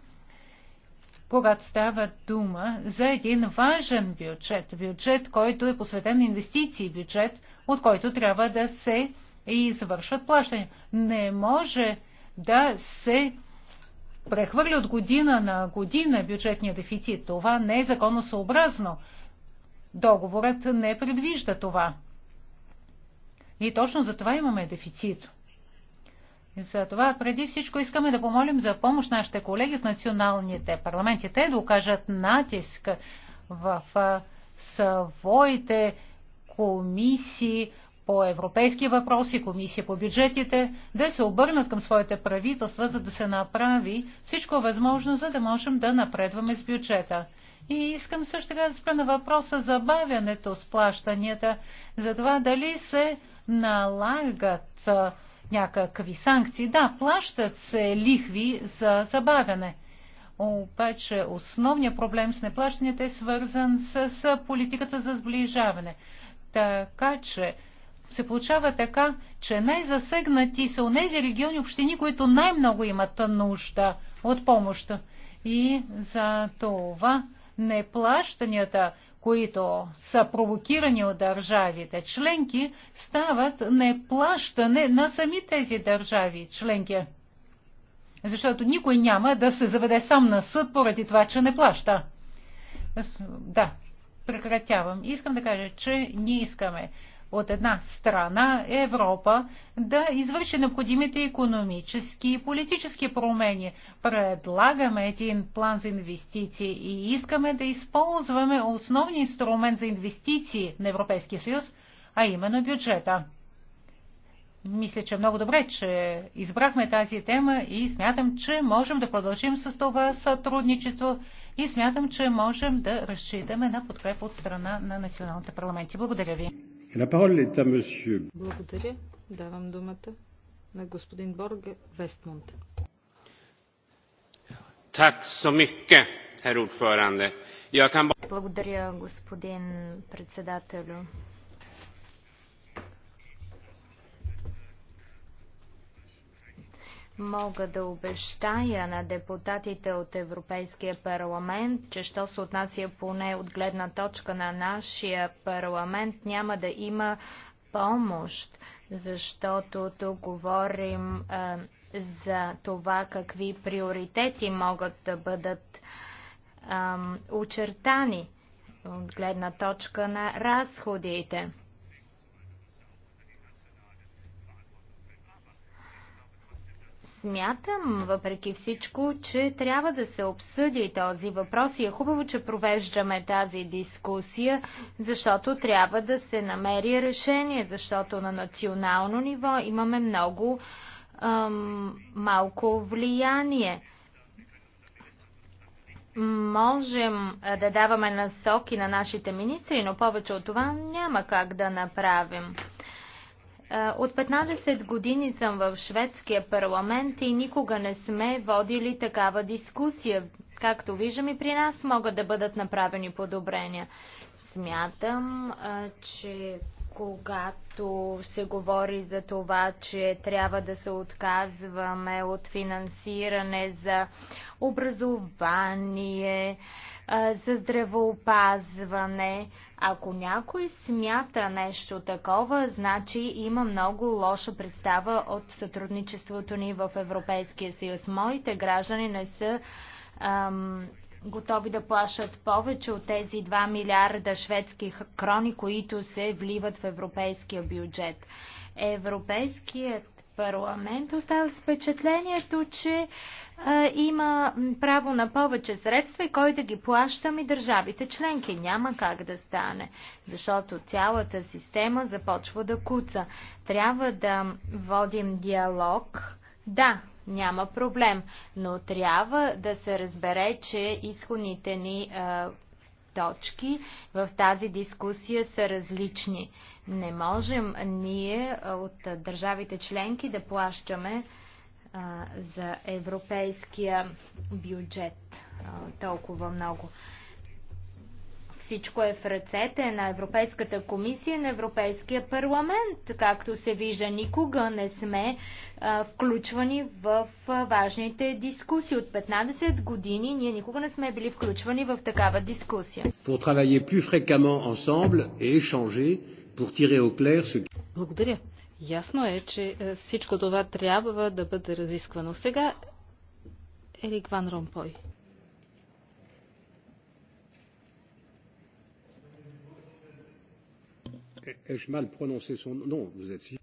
когато става дума за един важен бюджет, бюджет, който е посветен инвестиции, бюджет, от който трябва да се извършват плащания. Не може да се прехвърли от година на година бюджетния дефицит. Това не е законосъобразно. Договорът не предвижда това. И точно за това имаме дефицит. Затова преди всичко искаме да помолим за помощ нашите колеги от националните парламенти. Те да окажат натиск в своите комисии по европейски въпроси, комисия по бюджетите, да се обърнат към своите правителства, за да се направи всичко възможно, за да можем да напредваме с бюджета. И искам също така да спра на въпроса за бавянето с плащанията, за това дали се налагат някакви санкции. Да, плащат се лихви за забавяне. Обаче основният проблем с неплащането е свързан с политиката за сближаване. Така че се получава така, че най-засегнати са у нези региони общини, които най-много имат нужда от помощ. И за това неплащанията които са провокирани от държавите членки, стават неплащане на сами тези държави членки. Защото никой няма да се заведе сам на съд поради това, че не плаща. Да, прекратявам. Искам да кажа, че ние искаме от една страна Европа да извърши необходимите економически и политически промени. Предлагаме един план за инвестиции и искаме да използваме основни инструмент за инвестиции на Европейския съюз, а именно бюджета. Мисля, че е много добре, че избрахме тази тема и смятам, че можем да продължим с това сътрудничество и смятам, че можем да разчитаме на подкрепа от страна на националните парламенти. Благодаря ви. Благодаря. Давам думата на господин Борге Вестмунд. Благодаря, господин председателю. Мога да обещая на депутатите от Европейския парламент, че що се отнася поне от гледна точка на нашия парламент, няма да има помощ, защото тук говорим а, за това какви приоритети могат да бъдат а, очертани от гледна точка на разходите. Смятам, въпреки всичко, че трябва да се обсъди този въпрос и е хубаво, че провеждаме тази дискусия, защото трябва да се намери решение, защото на национално ниво имаме много ам, малко влияние можем да даваме насоки на нашите министри, но повече от това няма как да направим. Е, от 15 години съм в шведския парламент и никога не сме водили такава дискусия. Както виждам и при нас могат да бъдат направени подобрения. Смятам, е, че когато се говори за това, че трябва да се отказваме от финансиране за образование, за здравеопазване. Ако някой смята нещо такова, значи има много лоша представа от сътрудничеството ни в Европейския съюз. Моите граждани не са готови да плашат повече от тези 2 милиарда шведски крони, които се вливат в европейския бюджет. Европейският парламент остава с впечатлението, че а, има право на повече средства и кой да ги плаща ми държавите членки. Няма как да стане, защото цялата система започва да куца. Трябва да водим диалог. Да, няма проблем. Но трябва да се разбере, че изходните ни а, точки в тази дискусия са различни. Не можем ние от държавите членки да плащаме а, за европейския бюджет а, толкова много всичко е в ръцете на Европейската комисия, на Европейския парламент. Както се вижда, никога не сме а, включвани в а, важните дискусии. От 15 години ние никога не сме били включвани в такава дискусия. Благодаря. Ясно е, че е, всичко това трябва да бъде разисквано. Сега Ерик Ван Ромпой. Ai-je mal prononcé son nom? Vous êtes si...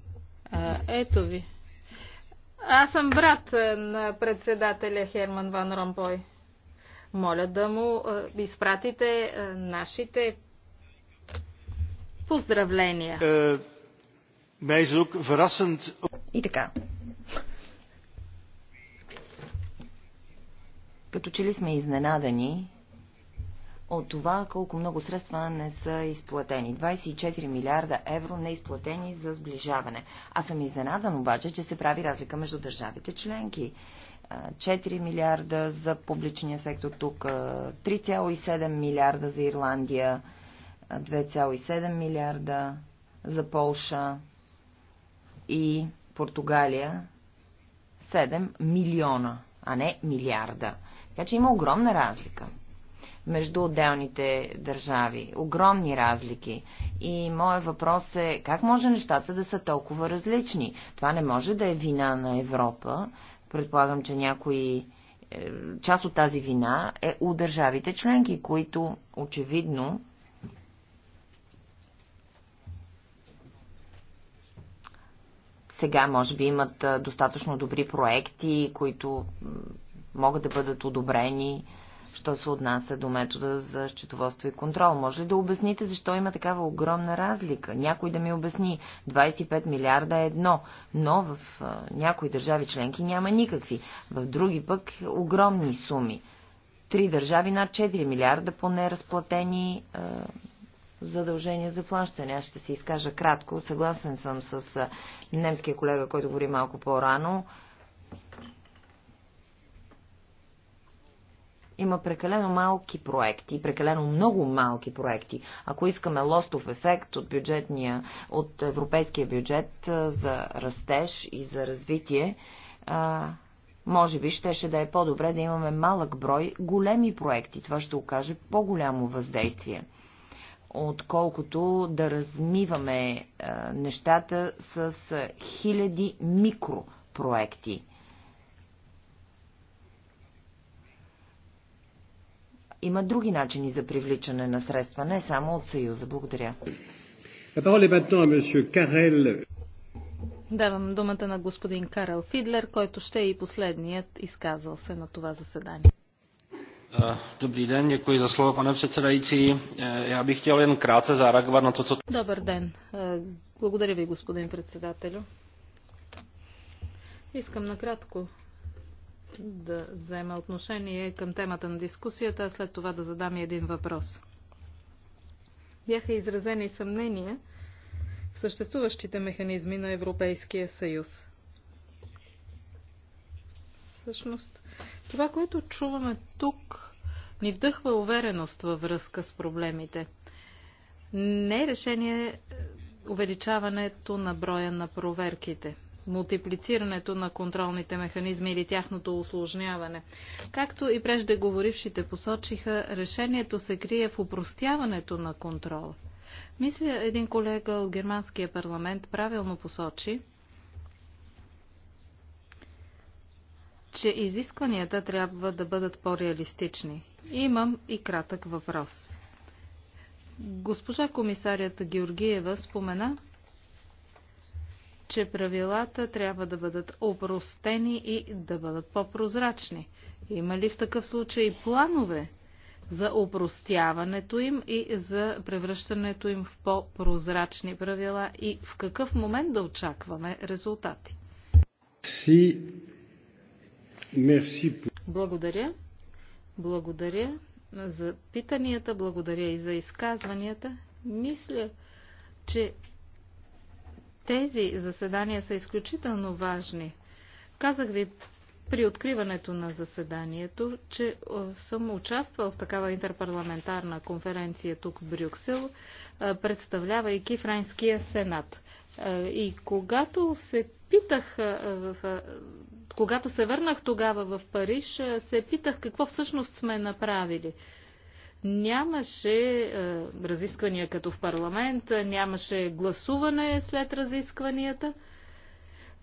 Ето ви. Аз съм брат е, на председателя Херман Ван Ромпой. Моля да му е, изпратите е, нашите поздравления. е И така. Като че ли сме изненадани от това колко много средства не са изплатени. 24 милиарда евро не изплатени за сближаване. Аз съм изненадан обаче, че се прави разлика между държавите членки. 4 милиарда за публичния сектор тук, 3,7 милиарда за Ирландия, 2,7 милиарда за Полша и Португалия 7 милиона, а не милиарда. Така че има огромна разлика между отделните държави. Огромни разлики. И моят въпрос е, как може нещата да са толкова различни? Това не може да е вина на Европа. Предполагам, че някои е, част от тази вина е у държавите членки, които очевидно сега може би имат е, достатъчно добри проекти, които могат да бъдат одобрени що се отнася до метода за счетоводство и контрол. Може ли да обясните защо има такава огромна разлика? Някой да ми обясни. 25 милиарда е едно, но в някои държави членки няма никакви. В други пък огромни суми. Три държави над 4 милиарда по неразплатени задължения за плащане. Аз ще се изкажа кратко. Съгласен съм с немския колега, който говори малко по-рано Има прекалено малки проекти, прекалено много малки проекти. Ако искаме лостов ефект от бюджетния, от европейския бюджет за растеж и за развитие, може би щеше да е по-добре да имаме малък брой големи проекти. Това ще окаже по-голямо въздействие, отколкото да размиваме нещата с хиляди микропроекти. има други начини за привличане на средства, не само от Съюза. Благодаря. Давам думата на господин Карел Фидлер, който ще е и последният изказал се на това заседание. Dobrý е, den, děkuji za slovo, pane předsedající. Е, já bych chtěl jen krátce zareagovat na to, co... Добър den. Е, благодаря ви, господин председателю. Искам накратко да взема отношение към темата на дискусията, а след това да задам един въпрос. Бяха изразени съмнения в съществуващите механизми на Европейския съюз. Всъщност, това, което чуваме тук, ни вдъхва увереност във връзка с проблемите. Не е решение е, увеличаването на броя на проверките мултиплицирането на контролните механизми или тяхното осложняване. Както и преждеговорившите посочиха, решението се крие в упростяването на контрола. Мисля, един колега от германския парламент правилно посочи, че изискванията трябва да бъдат по-реалистични. Имам и кратък въпрос. Госпожа комисарията Георгиева спомена, че правилата трябва да бъдат опростени и да бъдат по-прозрачни. Има ли в такъв случай планове за опростяването им и за превръщането им в по-прозрачни правила и в какъв момент да очакваме резултати? Си... Мерси. Благодаря. Благодаря за питанията, благодаря и за изказванията. Мисля, че тези заседания са изключително важни. Казах ви при откриването на заседанието, че съм участвал в такава интерпарламентарна конференция тук в Брюксел, представлявайки Френския сенат. И когато се питах, когато се върнах тогава в Париж, се питах какво всъщност сме направили. Нямаше е, разисквания като в парламент, нямаше гласуване след разискванията.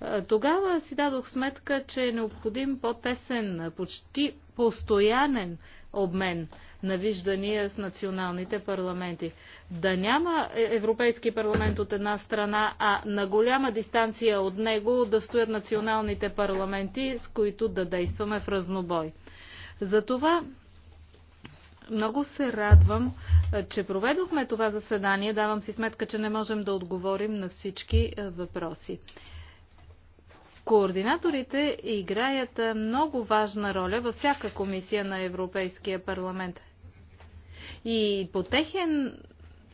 Е, тогава си дадох сметка, че е необходим по-тесен, почти постоянен обмен на виждания с националните парламенти. Да няма е, Европейски парламент от една страна, а на голяма дистанция от него да стоят националните парламенти, с които да действаме в разнобой. Затова много се радвам, че проведохме това заседание. Давам си сметка, че не можем да отговорим на всички въпроси. Координаторите играят много важна роля във всяка комисия на Европейския парламент. И по техен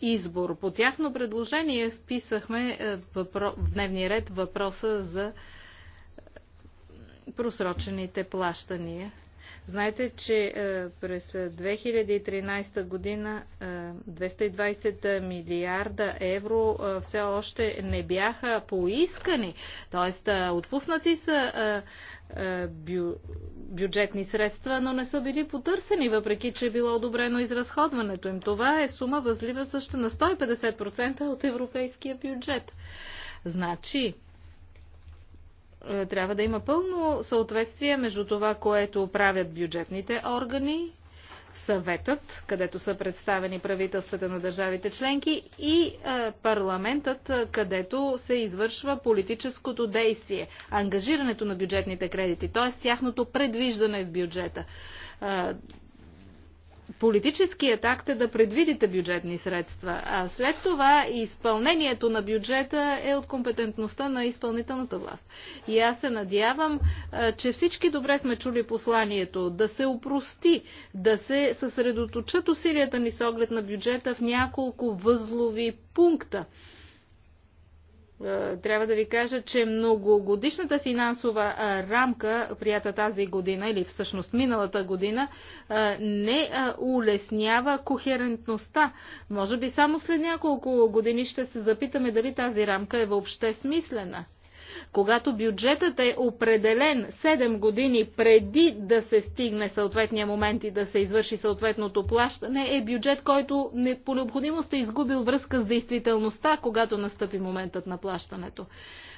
избор, по тяхно предложение вписахме в дневния ред въпроса за просрочените плащания. Знаете, че е, през 2013 е, година 220 е, милиарда евро все още не бяха поискани, т.е. отпуснати са бю, бюджетни средства, но не са били потърсени, въпреки че е било одобрено изразходването им. Това е сума възлива също на 150% от европейския бюджет. Значи, е, трябва да има пълно съответствие между това, което правят бюджетните органи, съветът, където са представени правителствата на държавите членки и е, парламентът, е, където се извършва политическото действие, ангажирането на бюджетните кредити, т.е. тяхното предвиждане в бюджета политическият акт е да предвидите бюджетни средства, а след това изпълнението на бюджета е от компетентността на изпълнителната власт. И аз се надявам, че всички добре сме чули посланието да се упрости, да се съсредоточат усилията ни с оглед на бюджета в няколко възлови пункта трябва да ви кажа, че многогодишната финансова рамка, прията тази година или всъщност миналата година, не улеснява кохерентността. Може би само след няколко години ще се запитаме дали тази рамка е въобще смислена. Когато бюджетът е определен 7 години преди да се стигне съответния момент и да се извърши съответното плащане, е бюджет, който не, по необходимост е изгубил връзка с действителността, когато настъпи моментът на плащането.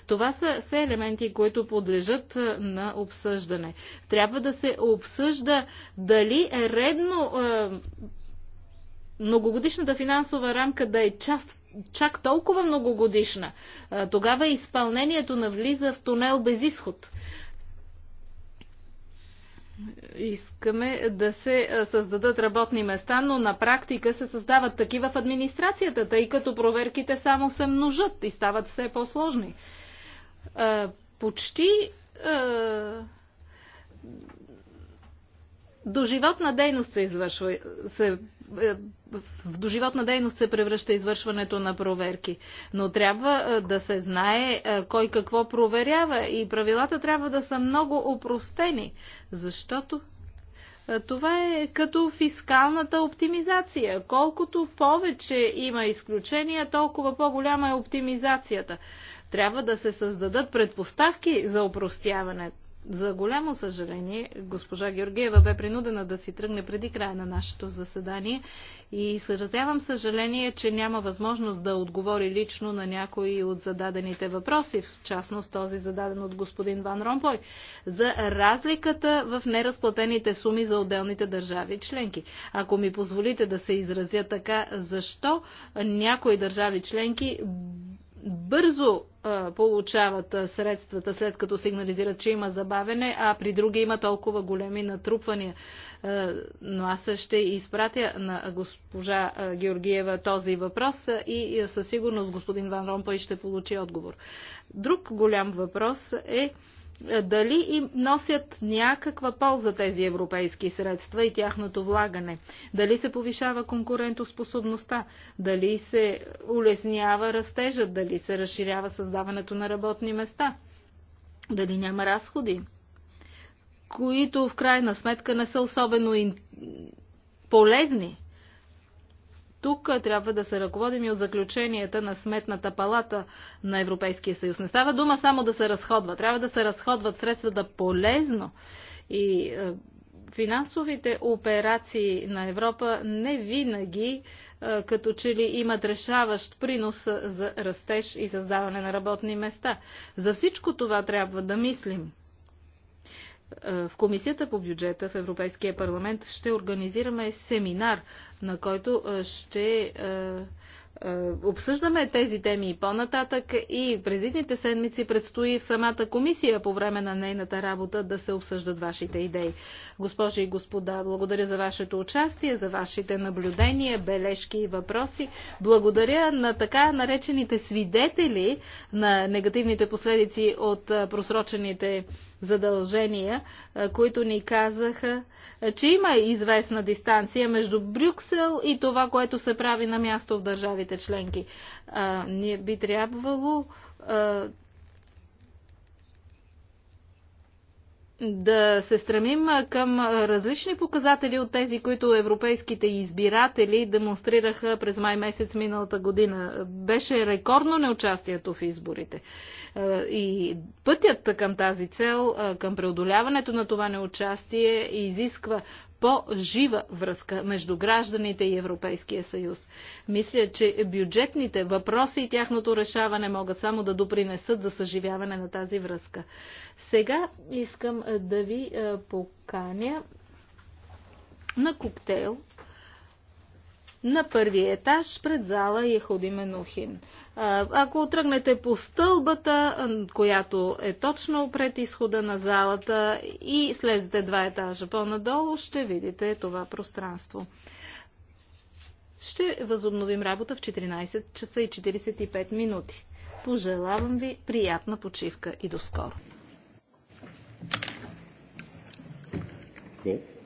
Това са все елементи, които подлежат на обсъждане. Трябва да се обсъжда дали е редно е, многогодишната финансова рамка да е част чак толкова многогодишна, тогава изпълнението навлиза в тунел без изход. Искаме да се създадат работни места, но на практика се създават такива в администрацията, тъй като проверките само се множат и стават все по-сложни. Почти до животна дейност се извършва, се в доживотна дейност се превръща извършването на проверки. Но трябва да се знае кой какво проверява и правилата трябва да са много опростени, защото това е като фискалната оптимизация. Колкото повече има изключения, толкова по-голяма е оптимизацията. Трябва да се създадат предпоставки за опростяване. За голямо съжаление, госпожа Георгиева бе принудена да си тръгне преди края на нашето заседание и изразявам съжаление, че няма възможност да отговори лично на някои от зададените въпроси, в частност този зададен от господин Ван Ромпой, за разликата в неразплатените суми за отделните държави членки. Ако ми позволите да се изразя така, защо някои държави членки бързо а, получават а, средствата, след като сигнализират, че има забавене, а при други има толкова големи натрупвания. А, но аз ще изпратя на госпожа а, Георгиева този въпрос а, и а, със сигурност господин Ван и ще получи отговор. Друг голям въпрос е а, дали им носят някаква полза тези европейски средства и тяхното влагане, дали се повишава конкурентоспособността, дали се улеснява растежът, дали се разширява създаването на работни места, дали няма разходи, които в крайна сметка не са особено полезни тук трябва да се ръководим и от заключенията на Сметната палата на Европейския съюз. Не става дума само да се разходва. Трябва да се разходват средствата да полезно и финансовите операции на Европа не винаги като че ли имат решаващ принос за растеж и създаване на работни места. За всичко това трябва да мислим. Е, в Комисията по бюджета в Европейския парламент ще организираме семинар, на който е, ще е, обсъждаме тези теми и по-нататък и през идните седмици предстои в самата комисия по време на нейната работа да се обсъждат вашите идеи. Госпожи и господа, благодаря за вашето участие, за вашите наблюдения, бележки и въпроси. Благодаря на така наречените свидетели на негативните последици от просрочените задължения, които ни казаха, че има известна дистанция между Брюксел и това, което се прави на място в държавите членки. А, ние би трябвало а, да се стремим към различни показатели от тези, които европейските избиратели демонстрираха през май месец миналата година. Беше рекордно неучастието в изборите. Е, и пътят към тази цел, е, към преодоляването на това неучастие, изисква по-жива връзка между гражданите и Европейския съюз. Мисля, че бюджетните въпроси и тяхното решаване могат само да допринесат за съживяване на тази връзка. Сега искам е, да ви поканя на коктейл на първия етаж пред зала Ехуди Менухин. Ако тръгнете по стълбата, която е точно пред изхода на залата и слезете два етажа по-надолу, ще видите това пространство. Ще възобновим работа в 14 часа и 45 минути. Пожелавам ви приятна почивка и до скоро. Cool.